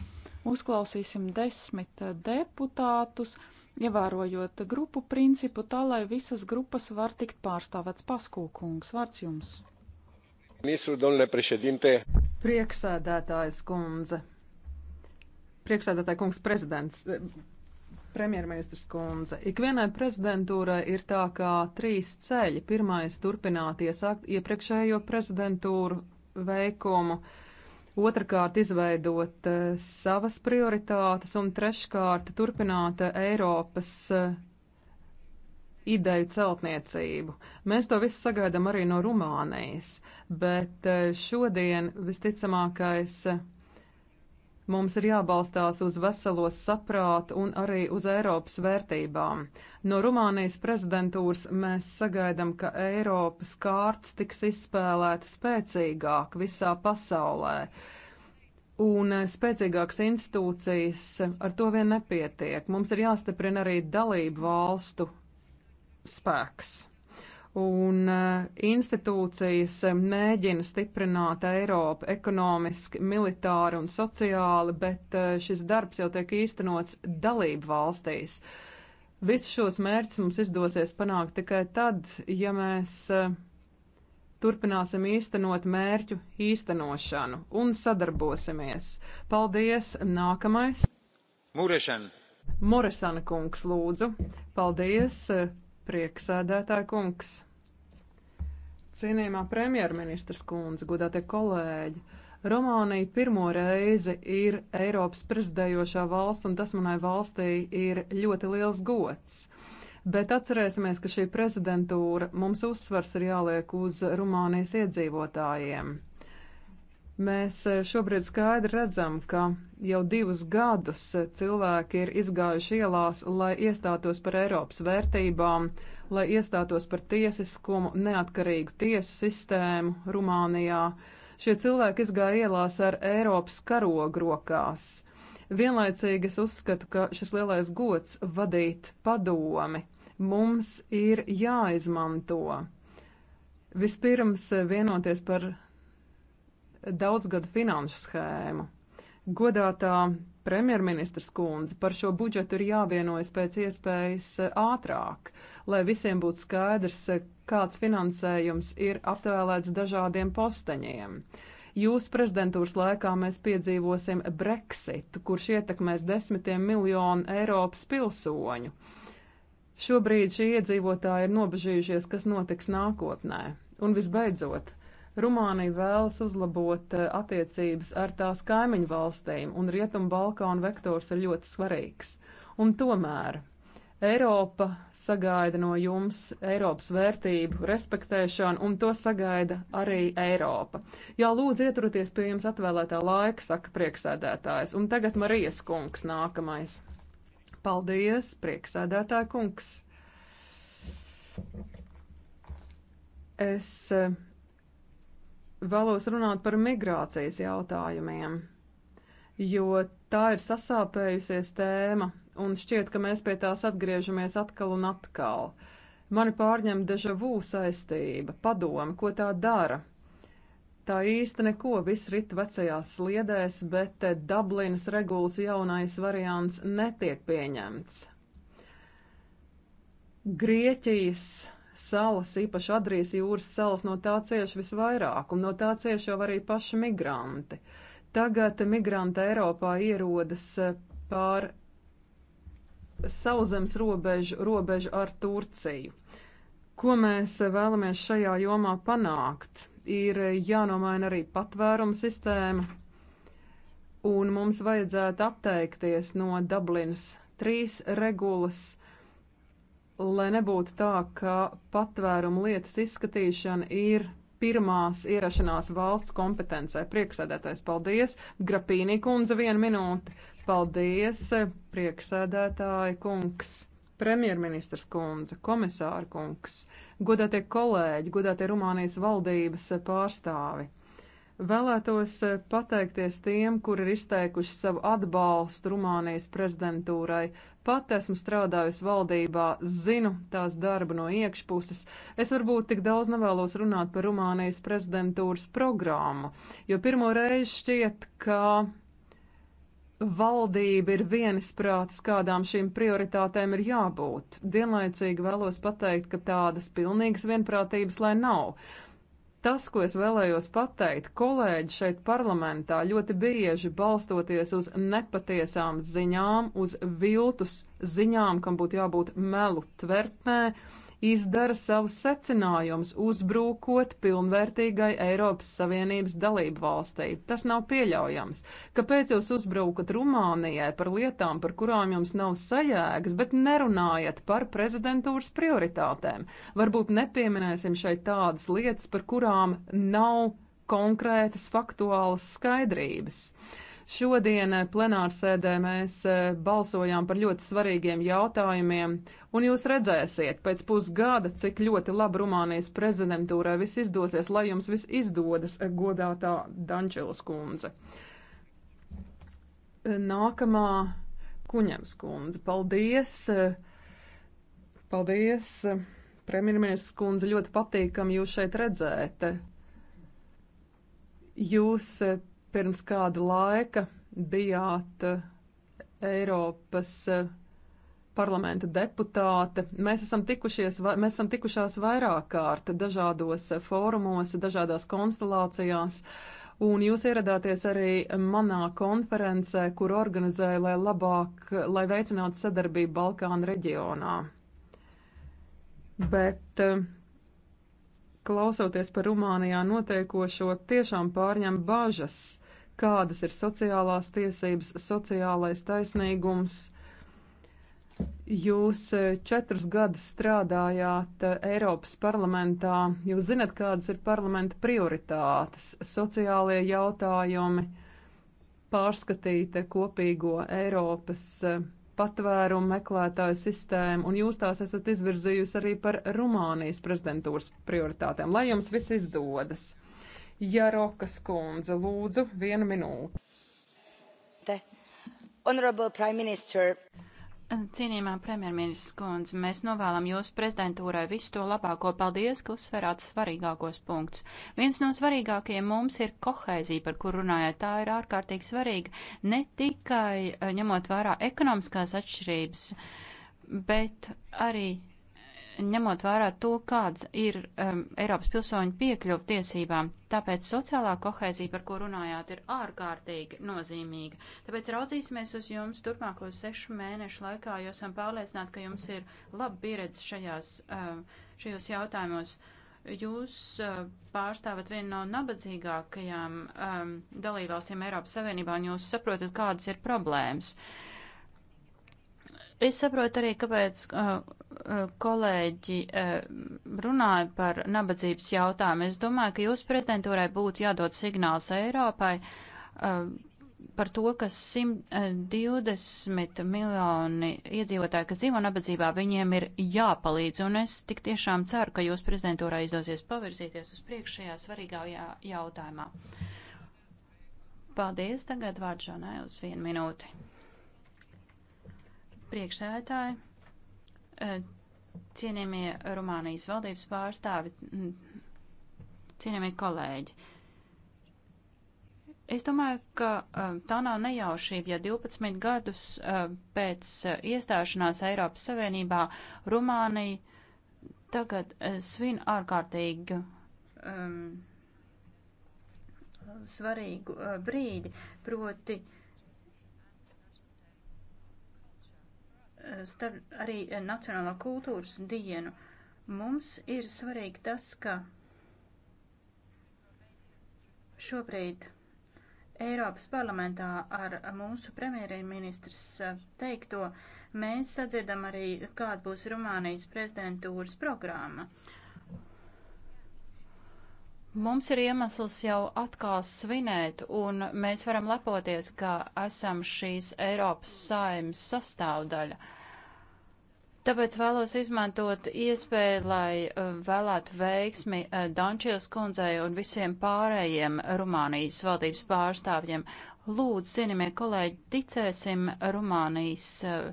Uzklausīsim desmit deputātus, ievērojot grupu principu tā, lai visas grupas var tikt pārstāvēts paskūkungs. Vārds jums. Ministru, domnule președinte. Prieksēdētājs kundze. Prieksēdētāja kungs prezidents. Eh, premjerministrs kundze, ikvienai prezidentūrai ir tā kā trīs ceļi. Pirmais - turpināt iesākt iepriekšējo prezidentūru veikumu. Uh, otrkārt izveidot eh, savas prioritātes un treškārt turpināt eh, Eiropas eh, ideju celtniecību. Mēs to visu sagaidām arī no Rumānijas, bet šodien visticamākais Mums ir jābalstās uz veselo saprātu un arī uz Eiropas vērtībām. No Rumānijas prezidentūras mēs sagaidām, ka Eiropas kārts tiks izspēlēta spēcīgāk visā pasaulē. Un spēcīgākas institūcijas ar to vien nepietiek. Mums ir jāstiprina arī dalību valstu spēks un eh, institūcijas eh, mēģina stiprināt Eiropu ekonomiski, militāri un sociāli, bet eh, šis darbs jau tiek īstenots dalību valstīs. Visus šos mērķus mums izdosies panākt tikai tad, ja mēs turpināsim īstenot mērķu īstenošanu un sadarbosimies. Paldies! Nākamais! Mūrešana! Morisana kungs, lūdzu! Paldies! Prieksēdētāja kungs, cienījumā premjerministras kundze, godātie kolēģi, Rumānija pirmo reizi ir Eiropas prezidējošā valsts, un tas manai valstī ir ļoti liels gods. Bet atcerēsimies, ka šī prezidentūra mums uzsvars ir jāliek uz Rumānijas iedzīvotājiem. Mēs eh, šobrīd skaidri redzam, ka jau divus gadus eh, cilvēki ir izgājuši ielās, lai iestātos par Eiropas vērtībām, lai iestātos par tiesiskumu, neatkarīgu tiesu sistēmu Rumānijā. Šie cilvēki izgāja ielās ar Eiropas karogu rokās. Vienlaicīgi es uzskatu, ka šis lielais gods vadīt padomi mums ir jāizmanto. Vispirms eh, vienoties par daudzgadu finanšu schēmu. Godātā premjerministras kundze par šo budžetu ir jāvienojas pēc iespējas ātrāk, lai visiem būtu skaidrs, kāds finansējums ir aptvēlēts dažādiem posteņiem. Jūsu prezidentūras laikā mēs piedzīvosim Brexitu, kurš ietekmēs desmitiem miljonu Eiropas pilsoņu. Šobrīd šie iedzīvotāji ir nobežījušies, kas notiks nākotnē. Un visbeidzot, Rumānija vēlas uzlabot eh, attiecības ar tās kaimiņu valstīm, un Rietumu Balkānu vektors ir ļoti svarīgs. Un tomēr Eiropa sagaida no jums Eiropas vērtību respektēšanu, un to sagaida arī Eiropa. Jā, lūdzu, ieturieties pie jums atvēlētā laika, saka prieksēdētājs, un tagad Marijas kungs nākamais. Paldies, prieksēdētāja kungs! Es eh, vēlos runāt par migrācijas jautājumiem, jo tā ir sasāpējusies tēma, un šķiet, ka mēs pie tās atgriežamies atkal un atkal. Mani pārņem deja vu saistība, padoma, ko tā dara. Tā īsti neko, viss rit vecajās sliedēs, bet Dublinas regulas jaunais variants netiek pieņemts. Grieķijas salas, īpaši Adrijas jūras salas, no tā cieš visvairāk, un no tā cieš jau arī paši migranti. Tagad migranti Eiropā ierodas eh, pār sauszemes robežu, robežu ar Turciju. Ko mēs eh, vēlamies šajā jomā panākt? Ir eh, jānomaina arī patvērums sistēma, un mums vajadzētu atteikties no Dublinas trīs regulas lai nebūtu tā, ka patvērumu lietas izskatīšana ir pirmās ierašanās valsts kompetencē. Prieksēdētais, paldies! Grapīnī kundze, viena minūte. Paldies, prieksēdētāji kungs! Premjerministrs kundze, komisāra kungs, godātie kolēģi, godātie Rumānijas valdības pārstāvi. Vēlētos eh, pateikties tiem, kuri ir izteikuši savu atbalstu Rumānijas prezidentūrai. Pat esmu strādājusi valdībā, zinu tās darbu no iekšpuses. Es varbūt tik daudz nevēlos runāt par Rumānijas prezidentūras programmu, jo pirmo reizi šķiet, ka valdība ir vienisprātis, kādām šīm prioritātēm ir jābūt. Vienlaicīgi vēlos pateikt, ka tādas pilnīgas vienprātības lai nav. Tas, ko es vēlējos pateikt, kolēģi šeit parlamentā ļoti bieži balstoties uz nepatiesām ziņām, uz viltus ziņām, kam būtu jābūt melu tvertnē, izdara savus secinājumus, uzbrūkot pilnvērtīgai Eiropas Savienības dalību valstī. Tas nav pieļaujams. Kāpēc jūs uzbrūkat Rumānijai par lietām, par kurām jums nav sajēgas, bet nerunājat par prezidentūras prioritātēm? Varbūt nepieminēsim šeit tādas lietas, par kurām nav konkrētas faktuālas skaidrības. Uh, Šodien eh, plenārsēdē mēs eh, balsojām par ļoti svarīgiem jautājumiem, un jūs redzēsiet pēc pusgada, cik ļoti labi Rumānijas prezidentūrā viss izdosies, lai jums viss izdodas, eh, godātā Dančils kundze. Nākamā Kuņevs kundze. Paldies! Paldies! Premjerministrs kundze ļoti patīkam jūs šeit redzēt. Jūs Pirms kāda laika bijāt eh, Eiropas eh, parlamenta deputāte. Mēs esam, tikušies, mēs esam tikušās vairāk kārt dažādos eh, fórumos, dažādās konstelācijās. Un jūs ieradāties arī manā konferencē, kur organizēja, lai labāk, lai veicinātu sadarbību Balkānu reģionā. Bet klausoties par Rumānijā notiekošo, tiešām pārņem bažas kādas ir sociālās tiesības, sociālais taisnīgums. Jūs e, četrus gadus strādājāt e, Eiropas parlamentā. Jūs zinat, kādas ir parlamenta prioritātes - sociālie jautājumi, pārskatīt kopīgo Eiropas e, patvērumu meklētāju sistēmu, un jūs tās esat izvirzījusi arī par Rumānijas prezidentūras prioritātēm. Lai jums viss izdodas! Jarokas kundze, lūdzu, vienu minūti. Honorable Prime Minister. Cienījumā premjerministrs kundze, mēs novēlam jūsu prezidentūrai visu to labāko. Paldies, ka uzsverāt svarīgākos punktus. Viens no svarīgākajiem mums ir kohēzija, par kur runājāt. Tā ir ārkārtīgi svarīga ne tikai eh, ņemot vērā ekonomiskās atšķirības, bet arī ņemot vērā to, kāds ir um, Eiropas pilsoņu piekļuvu tiesībām. Tāpēc sociālā kohēzija, par ko runājāt, ir ārkārtīgi nozīmīga. Tāpēc raudzīsimies uz jums turpmāko sešu mēnešu laikā, jo esam pārliecināti, ka jums ir laba pieredze šajās, um, šajos jautājumos. Jūs uh, pārstāvat vienu no nabadzīgākajām um, dalībvalstīm Eiropas Savienībā, un jūs saprotat, kādas ir problēmas. Uh, Es saprotu arī, kāpēc uh, uh, kolēģi uh, runāja par nabadzības jautājumu. Es domāju, ka jūsu prezidentūrai būtu jādod signāls Eiropai uh, par to, ka 120 miljoni iedzīvotāji, kas dzīvo nabadzībā, viņiem ir jāpalīdz. Un es tik tiešām ceru, ka jūs prezidentūrā izdosies pavirzīties uz priekšējā svarīgākajā jautājumā. Paldies, tagad vārds Žanai uz vienu minūti priekšsēdētāji, eh, cienījamie Rumānijas valdības pārstāvi, mm, cienījamie kolēģi. Es domāju, ka eh, tā nav nejaušība, ja 12 gadus eh, pēc iestāšanās Eiropas Savienībā Rumānija tagad svin ārkārtīgi um, ehm, svarīgu brīdi, proti uh, starp, arī eh, Nacionālā kultūras dienu. Mums ir svarīgi tas, ka šobrīd Eiropas parlamentā ar mūsu premjerministrs eh, teikto mēs sadzirdam arī, kāda būs Rumānijas prezidentūras programma. Uh, Mums ir iemesls jau atkal svinēt, un mēs varam lepoties, ka esam šīs Eiropas saimas sastāvdaļa. Tāpēc vēlos izmantot iespēju, lai eh, vēlētu veiksmi eh, Dančils kundzei un visiem pārējiem Rumānijas valdības pārstāvjiem. Lūdzu, cienījamie kolēģi, ticēsim Rumānijas eh,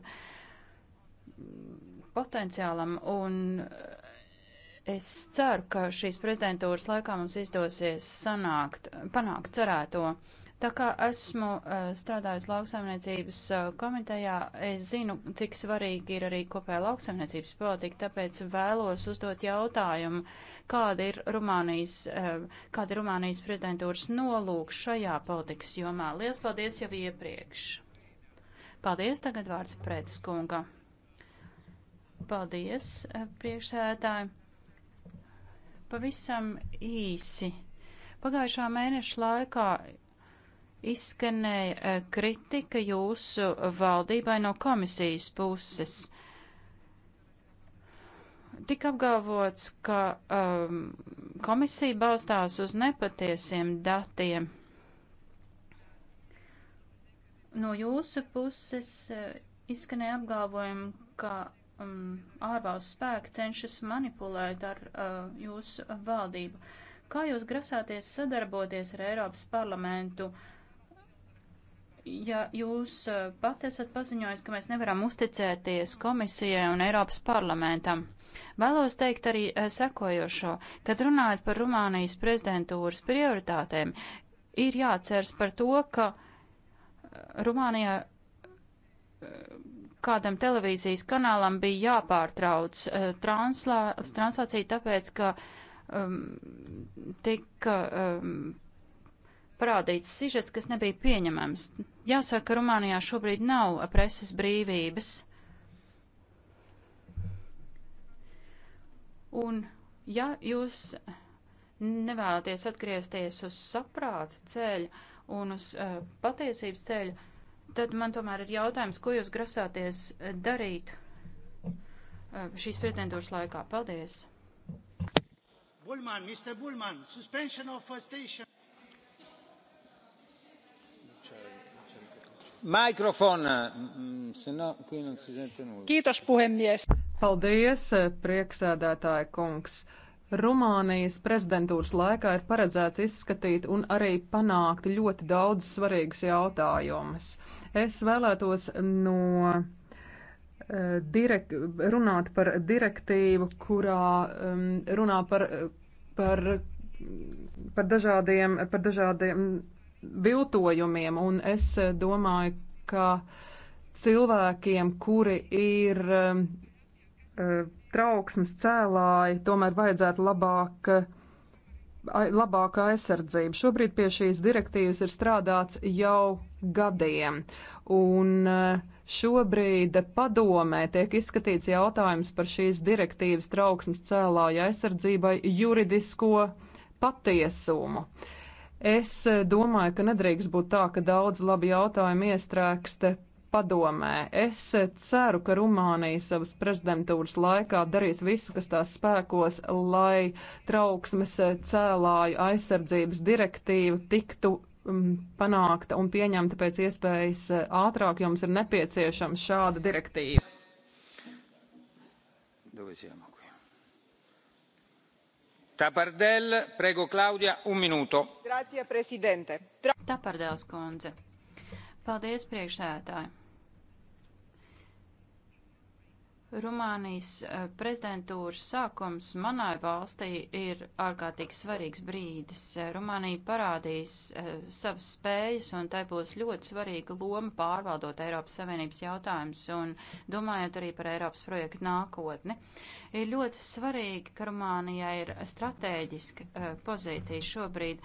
potenciālam un Es ceru, ka šīs prezidentūras laikā mums izdosies sanākt, panākt cerēto. Tā kā esmu uh, strādājusi lauksaimniecības uh, komitejā, es zinu, cik svarīgi ir arī kopējā lauksaimniecības politika, tāpēc vēlos uzdot jautājumu, kāda ir Rumānijas, uh, kāda ir Rumānijas prezidentūras nolūk šajā politikas jomā. Lielas paldies jau iepriekš. Paldies, tagad vārds Prētas kunga. Paldies, priekšsēdētāji. Pavisam īsi. Pagājušā mēneša laikā izskanēja eh, kritika jūsu valdībai no komisijas puses. Tik apgalvots, ka um, komisija balstās uz nepatiesiem datiem. No jūsu puses eh, izskanēja apgalvojumi, ka um, ārvalstu spēki cenšas manipulēt ar uh, jūsu valdību. Kā jūs grasāties sadarboties ar Eiropas parlamentu, ja jūs uh, pat esat paziņojis, ka mēs nevaram uzticēties komisijai un Eiropas parlamentam? Vēlos teikt arī uh, sekojošo, kad runājot par Rumānijas prezidentūras prioritātēm, ir jāatceras par to, ka uh, Rumānijā kādam televīzijas kanālam bija jāpārtrauc uh, translā, translācija, tāpēc, ka um, tika um, parādīts sižets, kas nebija pieņemams. Jāsaka, ka Rumānijā šobrīd nav preses brīvības. Un ja jūs nevēlaties atgriezties uz saprāta ceļa un uz uh, patiesības ceļa, tad man tomēr ir jautājums, ko jūs grasāties darīt uh, šīs prezidentūras laikā? Paldies! Bullman, Mr. Bullman, suspension of station. Uh, mm, Kiitos puhemies. Paldies, prieksēdētāja kungs. Rumānijas prezidentūras laikā ir paredzēts izskatīt un arī panākt ļoti daudz svarīgus jautājumus. Es vēlētos no eh, direk, runāt par direktīvu, kurā um, runā par, eh, par, par, dažādiem, par dažādiem viltojumiem, un es eh, domāju, ka cilvēkiem, kuri ir um, trauksmes cēlāji, tomēr vajadzētu labāk labāka aizsardzība. Šobrīd pie šīs direktīvas ir strādāts jau gadiem, un eh, šobrīd padomē tiek izskatīts jautājums par šīs direktīvas trauksmes cēlāju aizsardzībai juridisko patiesumu. Es eh, domāju, ka nedrīkst būt tā, ka daudz labi jautājumi iestrēgste padomē. Es ceru, ka Rumānija savas prezidentūras laikā darīs visu, kas tās spēkos, lai trauksmes cēlāju aizsardzības direktīva tiktu mm, panākta un pieņemta pēc iespējas ātrāk, jums ir nepieciešama šāda direktīva. Tapardel, prego Klaudija, un minūto. Grazie, prezidente. Tapardels kundze. Paldies, priekšsētāji. Rumānijas eh, prezidentūras sākums manai valstī ir ārkārtīgi svarīgs brīdis. Eh, Rumānija parādīs eh, savas spējas, un tai būs ļoti svarīga loma pārvaldot Eiropas Savienības jautājumus un domājot arī par Eiropas projektu nākotni. Ir ļoti svarīgi, ka Rumānijai ir strateģiska pozīcija šobrīd.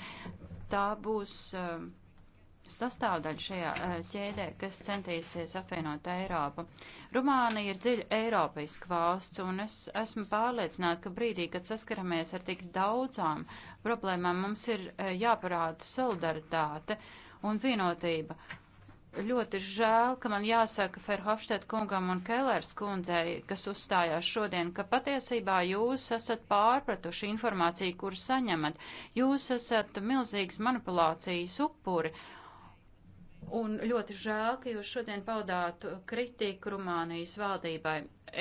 Tā būs sastāvdaļa šajā ķēdē, kas centīsies apvienot Eiropu. Rumānija ir dziļa Eiropiska valsts, un es esmu pārliecināta, ka brīdī, kad saskaramies ar tik daudzām problēmām, mums ir eh, jāparāda solidaritāte un vienotība. Ļoti žēl, ka man jāsaka Ferhofštēt kungam un Kellers kundzei, kas uzstājās šodien, ka patiesībā jūs esat pārpratuši informāciju, kuru saņemat. Jūs esat milzīgas manipulācijas upuri, Un ļoti žēl, ka jūs šodien paudāt kritiku Rumānijas valdībai.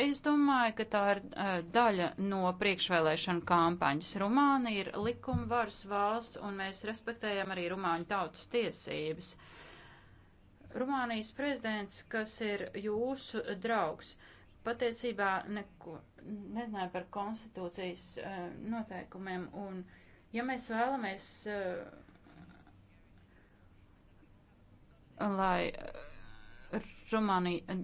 Es domāju, ka tā ir eh, daļa no priekšvēlēšana kampaņas. Rumānija ir likuma varas valsts, un mēs respektējam arī Rumāņu tautas tiesības. Rumānijas prezidents, kas ir jūsu draugs, patiesībā neko nezināja par konstitūcijas eh, noteikumiem, un ja mēs vēlamies eh, lai eh, Rumānija eh,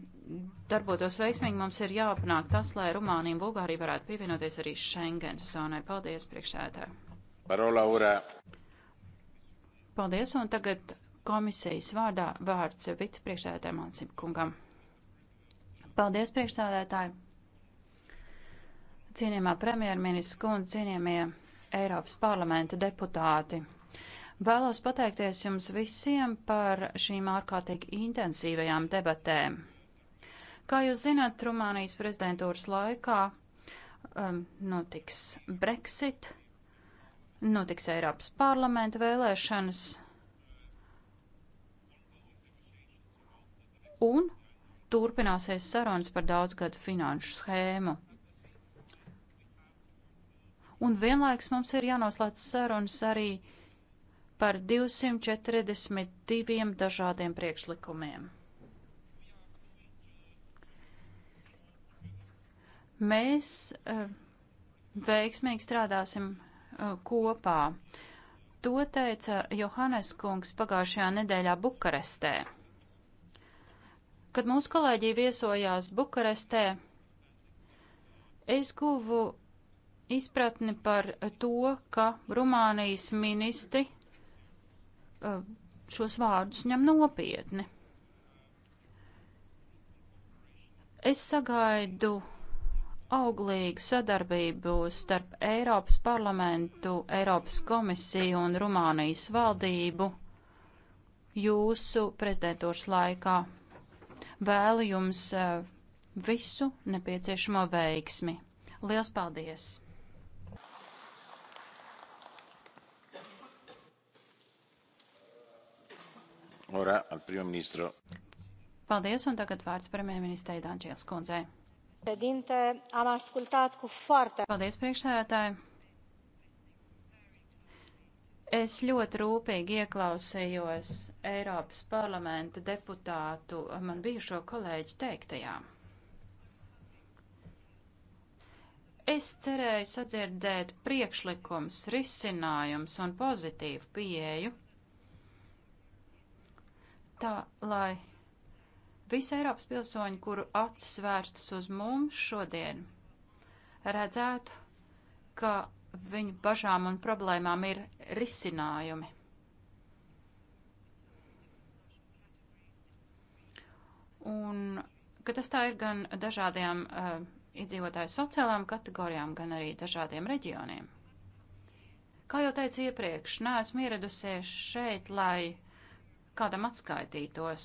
darbotos veiksmīgi, mums ir jāpanāk tas, lai Rumānija un Bulgārija varētu pievienoties arī Schengen zonai. Paldies, priekšsēdā. Parola urā. Paldies, un tagad komisijas vārdā vārds vicepriekšsēdētājiem Ansim kungam. Paldies, priekšstādētāji. Cienījamā premjerministra kundze, cienījamie Eiropas parlamenta deputāti. Vēlos pateikties jums visiem par šīm ārkārtīgi intensīvajām debatēm. Kā jūs zināt, Rumānijas prezidentūras laikā um, notiks Brexit, notiks Eiropas parlamenta vēlēšanas un turpināsies sarunas par daudzgadu finanšu schēmu. Un vienlaiks mums ir jānoslēdz sarunas arī par 242 dažādiem priekšlikumiem. Mēs eh, veiksmīgi strādāsim eh, kopā. To teica Johannes Kungs pagājušajā nedēļā Bukarestē. Kad mūsu kolēģi viesojās Bukarestē, es guvu izpratni par to, ka Rumānijas ministri šos vārdus ņem nopietni. Es sagaidu auglīgu sadarbību starp Eiropas parlamentu, Eiropas komisiju un Rumānijas valdību jūsu prezidentūras laikā. Vēlu jums eh, visu nepieciešamo veiksmi. Lielas paldies! Ora al primo ministro. Paldies, un tagad vārds premjerministrei Dančiels kundzei. Paldies, priekšsēdētāji. Es ļoti rūpīgi ieklausījos Eiropas parlamenta deputātu man bijušo kolēģi teiktajā. Es cerēju sadzirdēt priekšlikums, risinājums un pozitīvu pieeju tā, lai visi Eiropas pilsoņi, kuru acis vērstas uz mums šodien, redzētu, ka viņu bažām un problēmām ir risinājumi. Un ka tas tā ir gan dažādajām uh, iedzīvotāju sociālām kategorijām, gan arī dažādiem reģioniem. Kā jau teicu iepriekš, neesmu ieradusies šeit, lai uh, kādam atskaitītos.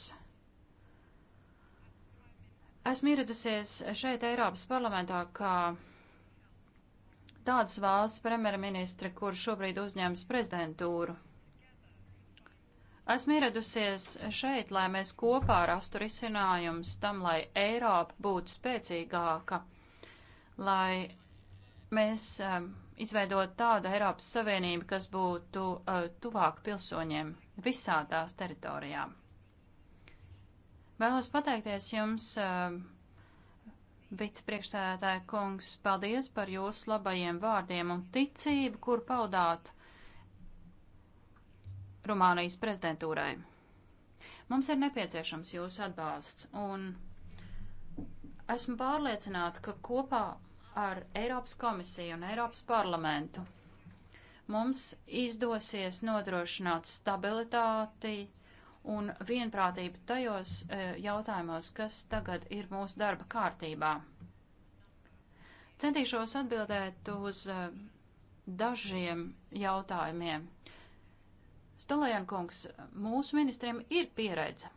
Esmu ieradusies šeit Eiropas parlamentā kā tādas valsts premjerministra, kur šobrīd uzņēmas prezidentūru. Esmu ieradusies šeit, lai mēs kopā rastu risinājumus tam, lai Eiropa būtu spēcīgāka, lai mēs um, izveidot tādu Eiropas Savienību, kas būtu uh, tuvāk pilsoņiem visā tās teritorijā. Vēlos pateikties jums, eh, vicepriekšstādātāja kungs, paldies par jūsu labajiem vārdiem un ticību, kur paudāt Rumānijas prezidentūrai. Mums ir nepieciešams jūsu atbalsts, un esmu pārliecināta, ka kopā ar Eiropas komisiju un Eiropas parlamentu mums izdosies nodrošināt stabilitāti un vienprātību tajos e, jautājumos, kas tagad ir mūsu darba kārtībā. Centīšos atbildēt uz e, dažiem jautājumiem. Stalajankungs, mūsu ministriem ir pieredze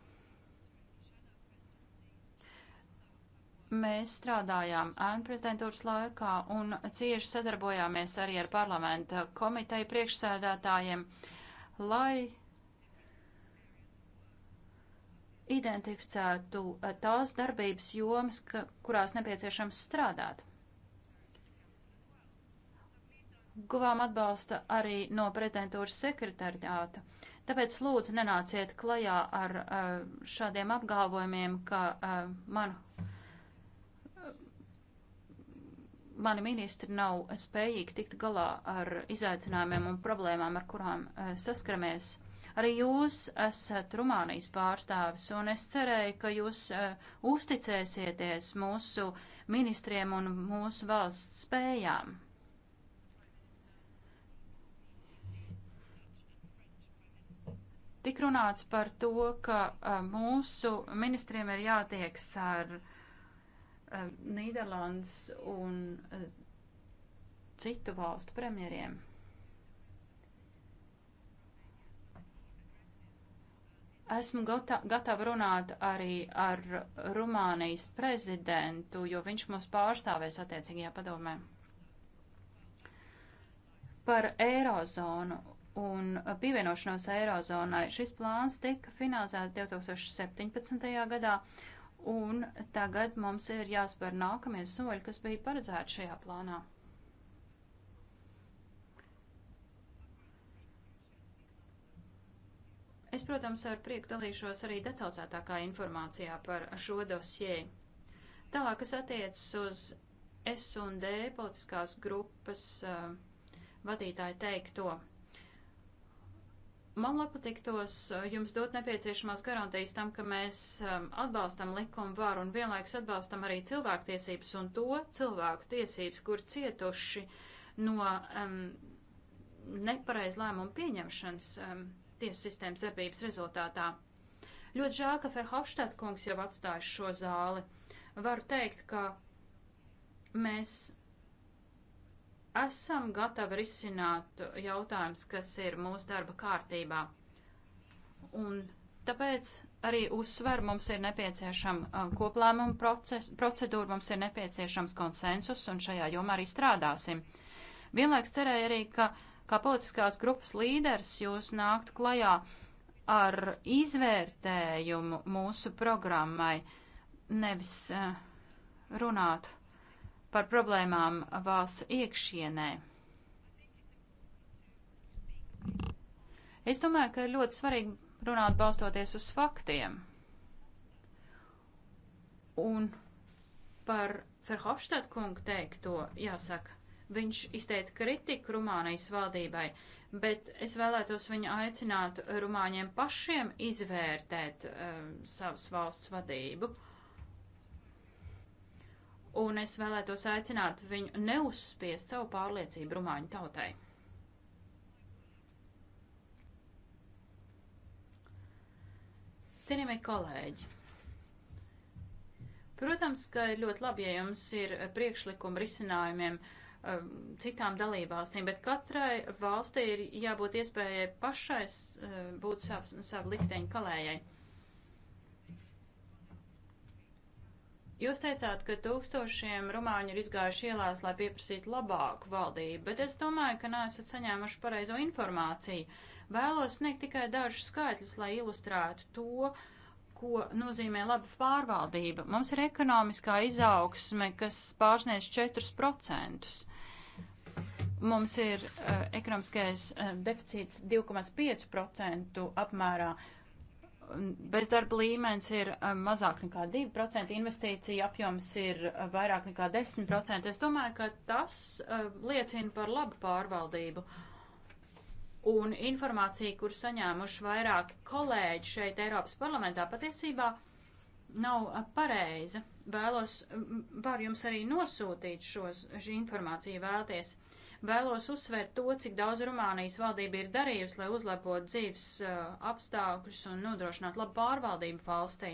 Mēs strādājām ēnu prezidentūras laikā un cieši sadarbojāmies arī ar parlamenta komiteju priekšsēdētājiem, lai identificētu eh, tās darbības jomas, ka, kurās nepieciešams strādāt. Guvām atbalsta arī no prezidentūras sekretariāta. Tāpēc lūdzu nenāciet klajā ar eh, šādiem apgalvojumiem, ka eh, manu mani ministri nav spējīgi tikt galā ar izaicinājumiem un problēmām, ar kurām eh, saskaramies. Arī jūs esat Rumānijas pārstāvis, un es cerēju, ka jūs eh, uzticēsieties mūsu ministriem un mūsu valsts spējām. Tik runāts par to, ka eh, mūsu ministriem ir jātieks ar uh, Eh, Nīderlandes un eh, citu valstu premjeriem. Esmu gatava runāt arī ar Rumānijas prezidentu, jo viņš mūs pārstāvēs attiecīgajā padomē. Par Eirozonu un pievienošanos Eirozonai šis plāns tika finansēts 2017. gadā un tagad mums ir jāspēr nākamie soļi, kas bija paredzēti šajā plānā. Es, protams, ar prieku dalīšos arī detalizētākā informācijā par šo dosjē. Tālāk, kas attiecas uz S&D politiskās grupas uh, vadītāju teikto, Man patiktos eh, jums dot nepieciešamās garantijas tam, ka mēs ehm, atbalstam likumu varu un vienlaikus atbalstam arī cilvēktiesības un to cilvēku tiesības, kur cietuši no um, nepareiz lēmumu pieņemšanas um, ehm, tiesu sistēmas darbības rezultātā. Ļoti žēl, ka Ferhofštēt kungs jau atstājuši šo zāli. Varu teikt, ka mēs esam gatavi risināt jautājums, kas ir mūsu darba kārtībā. Un tāpēc arī uzsver mums ir nepieciešama uh, koplēmuma proces, procedūra, mums ir nepieciešams konsensus un šajā jomā arī strādāsim. Vienlaiks cerēju arī, ka kā politiskās grupas līderis jūs nākt klajā ar izvērtējumu mūsu programmai, nevis uh, runāt par problēmām valsts iekšienē. Es domāju, ka ir ļoti svarīgi runāt balstoties uz faktiem. Un par Ferhofstadt kungu teikto, jāsaka, viņš izteica kritiku Rumānijas valdībai, bet es vēlētos viņu aicināt Rumāņiem pašiem izvērtēt um, savas valsts vadību. Uh, un es vēlētos aicināt viņu neuzspiest savu pārliecību Rumāņu tautai. Cienījamie kolēģi, protams, ka ir ļoti labi, ja jums ir priekšlikumi risinājumiem um, citām dalībvalstīm, bet katrai valstī ir jābūt iespējai pašais uh, būt savu, savu likteņu kalējai. Jūs teicāt, ka tūkstošiem rumāņu ir izgājuši ielās, lai pieprasītu labāku valdību, bet es domāju, ka neesat saņēmuši pareizo informāciju. Vēlos sniegt tikai dažus skaitļus, lai ilustrētu to, ko nozīmē laba pārvaldība. Mums ir ekonomiskā izaugsme, kas pārsniedz 4%. Mums ir uh, ekonomiskais uh, deficīts 2,5% apmērā. Uh, bezdarba līmenis ir eh, mazāk nekā 2%, investīcija apjoms ir eh, vairāk nekā 10%. Es domāju, ka tas eh, liecina par labu pārvaldību. Un informācija, kur saņēmuši vairāki kolēģi šeit Eiropas parlamentā, patiesībā nav pareiza. Vēlos, varu jums arī nosūtīt šos, šī informācija vēlties. Uh, Vēlos uzsvērt to, cik daudz Rumānijas valdība ir darījusi, lai uzlabotu dzīves uh, apstākļus un nodrošinātu labu pārvaldību valstī.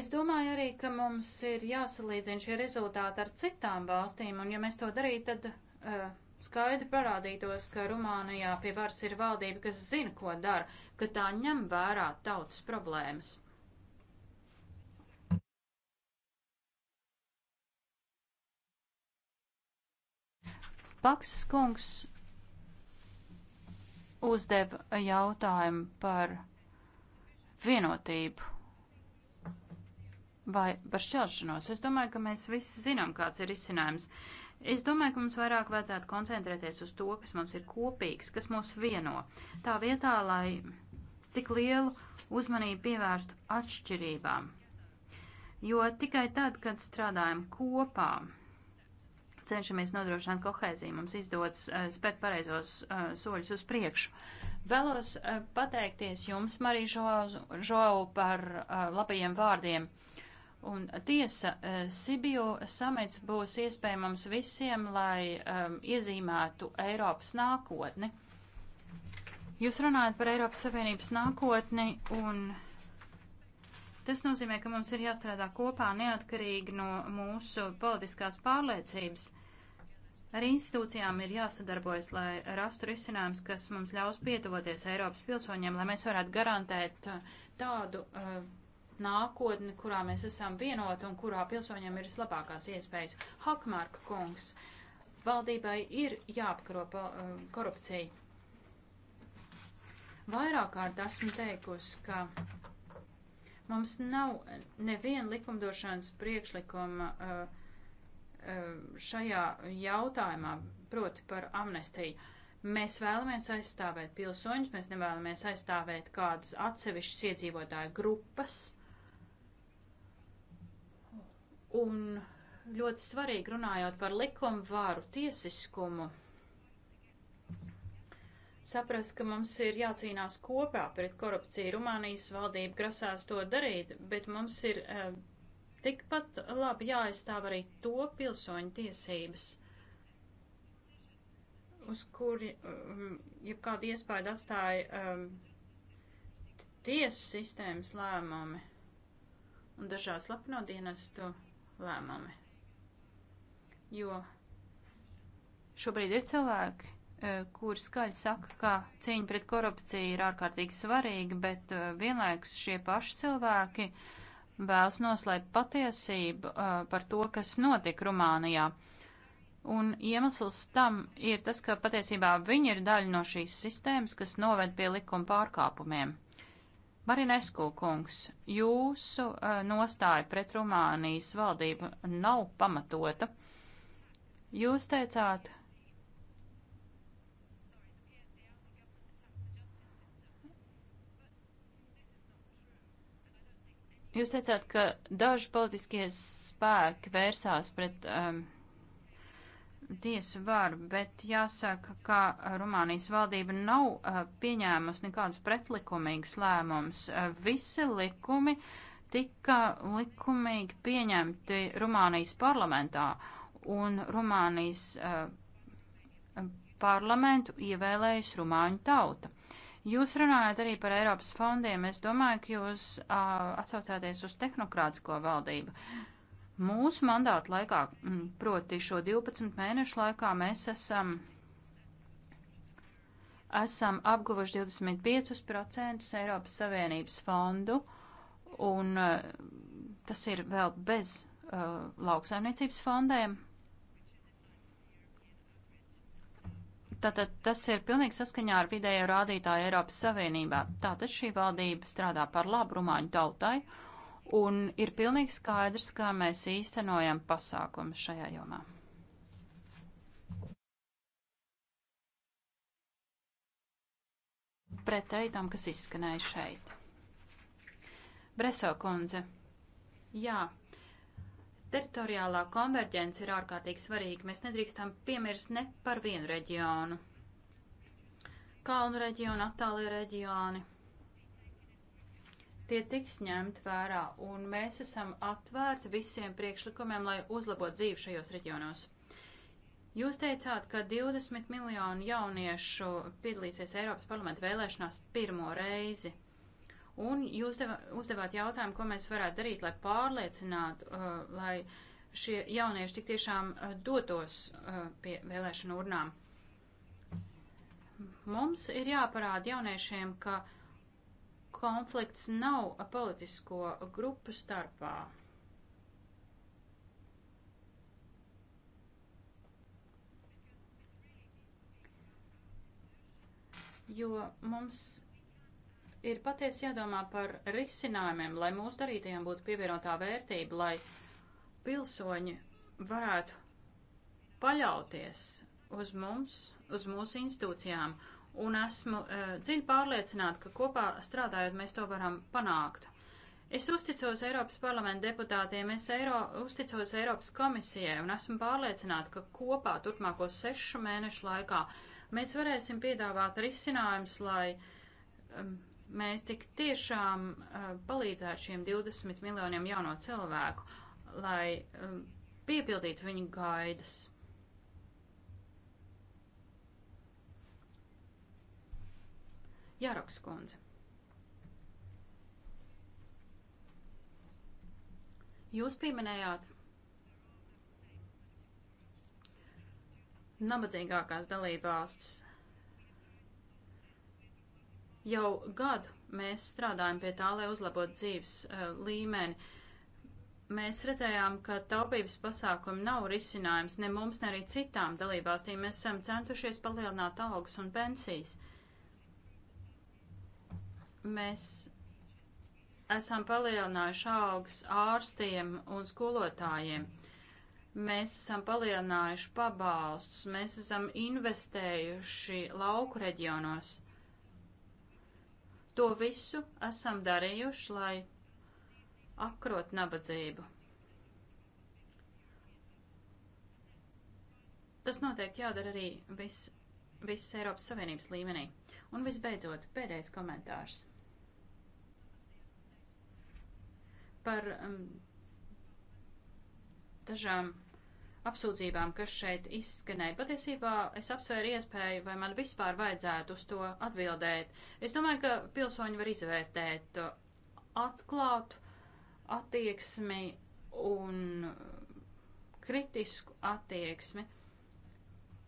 Es domāju arī, ka mums ir jāsalīdzina šie rezultāti ar citām valstīm, un ja mēs to darītu, tad uh, skaidri parādītos, ka Rumānijā pie varas ir valdība, kas zina, ko dara, ka tā ņem vērā tautas problēmas. Paksas kungs uzdeva jautājumu par vienotību vai par šķelšanos. Es domāju, ka mēs visi zinām, kāds ir izcinājums. Es domāju, ka mums vairāk vajadzētu koncentrēties uz to, kas mums ir kopīgs, kas mūs vieno. Tā vietā, lai tik lielu uzmanību pievērstu atšķirībām. Jo tikai tad, kad strādājam kopā, cenšamies nodrošināt kohēziju, mums izdodas eh, spērt pareizos eh, soļus uz priekšu. Vēlos eh, pateikties jums, Marija Žoau, par labajiem vārdiem. Un tiesa, Sibiju samets būs iespējams visiem, lai um, iezīmētu Eiropas nākotni. Jūs runājat par Eiropas Savienības nākotni, un tas nozīmē, ka mums ir jāstrādā kopā neatkarīgi no mūsu politiskās pārliecības. Ar institūcijām ir jāsadarbojas, lai rastu risinājums, kas mums ļaus pietuvoties Eiropas pilsoņiem, lai mēs varētu garantēt uh, tādu uh, nākotni, kurā mēs esam vienoti un kurā pilsoņiem ir vislabākās iespējas. Hakmārka kungs, valdībai ir jāapkaro uh, korupciju. Vairāk kārt esmu teikusi, ka mums nav neviena likumdošanas priekšlikuma. Uh, Eh, šajā jautājumā, proti par amnestiju. Mēs vēlamies aizstāvēt pilsoņus, mēs nevēlamies aizstāvēt kādas atsevišķas iedzīvotāju grupas. Un ļoti svarīgi runājot par likumu vāru tiesiskumu, saprast, ka mums ir jācīnās kopā pret korupciju. Rumānijas valdība grasās to darīt, bet mums ir eh, Tikpat labi jāaizstāv arī to pilsoņu tiesības, uz kuri um, jebkādu iespēju atstāja um, tiesu sistēmas lēmumi un dažās lapno dienestu lēmumi. Jo šobrīd ir cilvēki, uh, kuri skaļi saka, ka cīņa pret korupciju ir ārkārtīgi svarīga, bet uh, vienlaikus šie paši cilvēki uh, vēlas noslēpt patiesību uh, par to, kas notika Rumānijā. Un iemesls tam ir tas, ka patiesībā viņi ir daļa no šīs sistēmas, kas noved pie likuma pārkāpumiem. Marinesku kungs, jūsu uh, nostāja pret Rumānijas valdību nav pamatota. Jūs teicāt, Jūs teicāt, ka daži politiskie spēki vērsās pret um, tiesu varu, bet jāsaka, ka Rumānijas valdība nav uh, pieņēmusi nekādus pretlikumīgus lēmumus. Uh, visi likumi tika likumīgi pieņemti Rumānijas parlamentā, un Rumānijas uh, parlamentu ievēlējusi Rumāņu tauta. Uh, Jūs runājat arī par Eiropas fondiem. Es domāju, ka jūs uh, atsaucāties uz tehnokrātisko valdību. Mūsu mandāta laikā, proti šo 12 mēnešu laikā, mēs esam esam apguvuši 25% Eiropas Savienības fondu, un tas ir vēl bez uh, lauksaimniecības fondēm. Tātad tas ir pilnīgi saskaņā ar vidējo rādītāju Eiropas Savienībā. Tātad šī valdība strādā par labu rumāņu tautai un ir pilnīgi skaidrs, kā mēs īstenojam pasākumus šajā jomā. Pretēji tam, kas izskanēja šeit. Breso kundze, jā, Teritoriālā konverģence ir ārkārtīgi svarīga. Mēs nedrīkstam piemirst ne par vienu reģionu. Kalnu reģionu, attālie reģioni. Tie tiks ņemt vērā, un mēs esam atvērti visiem priekšlikumiem, lai uzlabotu dzīvi šajos reģionos. Jūs teicāt, ka 20 miljonu jauniešu piedalīsies Eiropas parlamenta vēlēšanās pirmo reizi. Un jūs deva, uzdevāt jautājumu, ko mēs varētu darīt, lai pārliecinātu, uh, lai šie jaunieši tik tiešām uh, dotos uh, pie vēlēšanu urnām. Mums ir jāparāda jauniešiem, ka konflikts nav politisko grupu starpā. Jo mums ir patiesi jādomā par risinājumiem, lai mūsu darītajiem būtu pievienotā vērtība, lai pilsoņi varētu paļauties uz mums, uz mūsu institūcijām. Un esmu uh, dziļi pārliecināta, ka kopā strādājot mēs to varam panākt. Es uzticos Eiropas parlamenta deputātiem, es Eiro, uzticos Eiropas komisijai un esmu pārliecināta, ka kopā turpmāko sešu mēnešu laikā mēs varēsim piedāvāt risinājumus, lai um, mēs tik tiešām uh, palīdzētu šiem 20 miljoniem jauno cilvēku, lai um, piepildītu viņu gaidas. Jāroks kundze. Jūs pieminējāt nabadzīgākās dalībvalstis Jau gadu mēs strādājam pie tā, lai uzlabotu dzīves uh, līmeni. Mēs redzējām, ka taupības pasākumi nav risinājums ne mums, ne arī citām dalībvalstīm. Mēs esam centušies palielināt algas un pensijas. Mēs esam palielinājuši algas ārstiem un skolotājiem. Mēs esam palielinājuši pabalstus, mēs esam investējuši lauku reģionos. To visu esam darījuši, lai apkrot nabadzību. Tas noteikti jādara arī viss vis Eiropas Savienības līmenī. Un visbeidzot, pēdējais komentārs. Par um, dažām apsūdzībām, kas šeit izskanēja. Patiesībā es apsvēru iespēju, vai man vispār vajadzētu uz to atbildēt. Es domāju, ka pilsoņi var izvērtēt uh, atklātu attieksmi un kritisku attieksmi.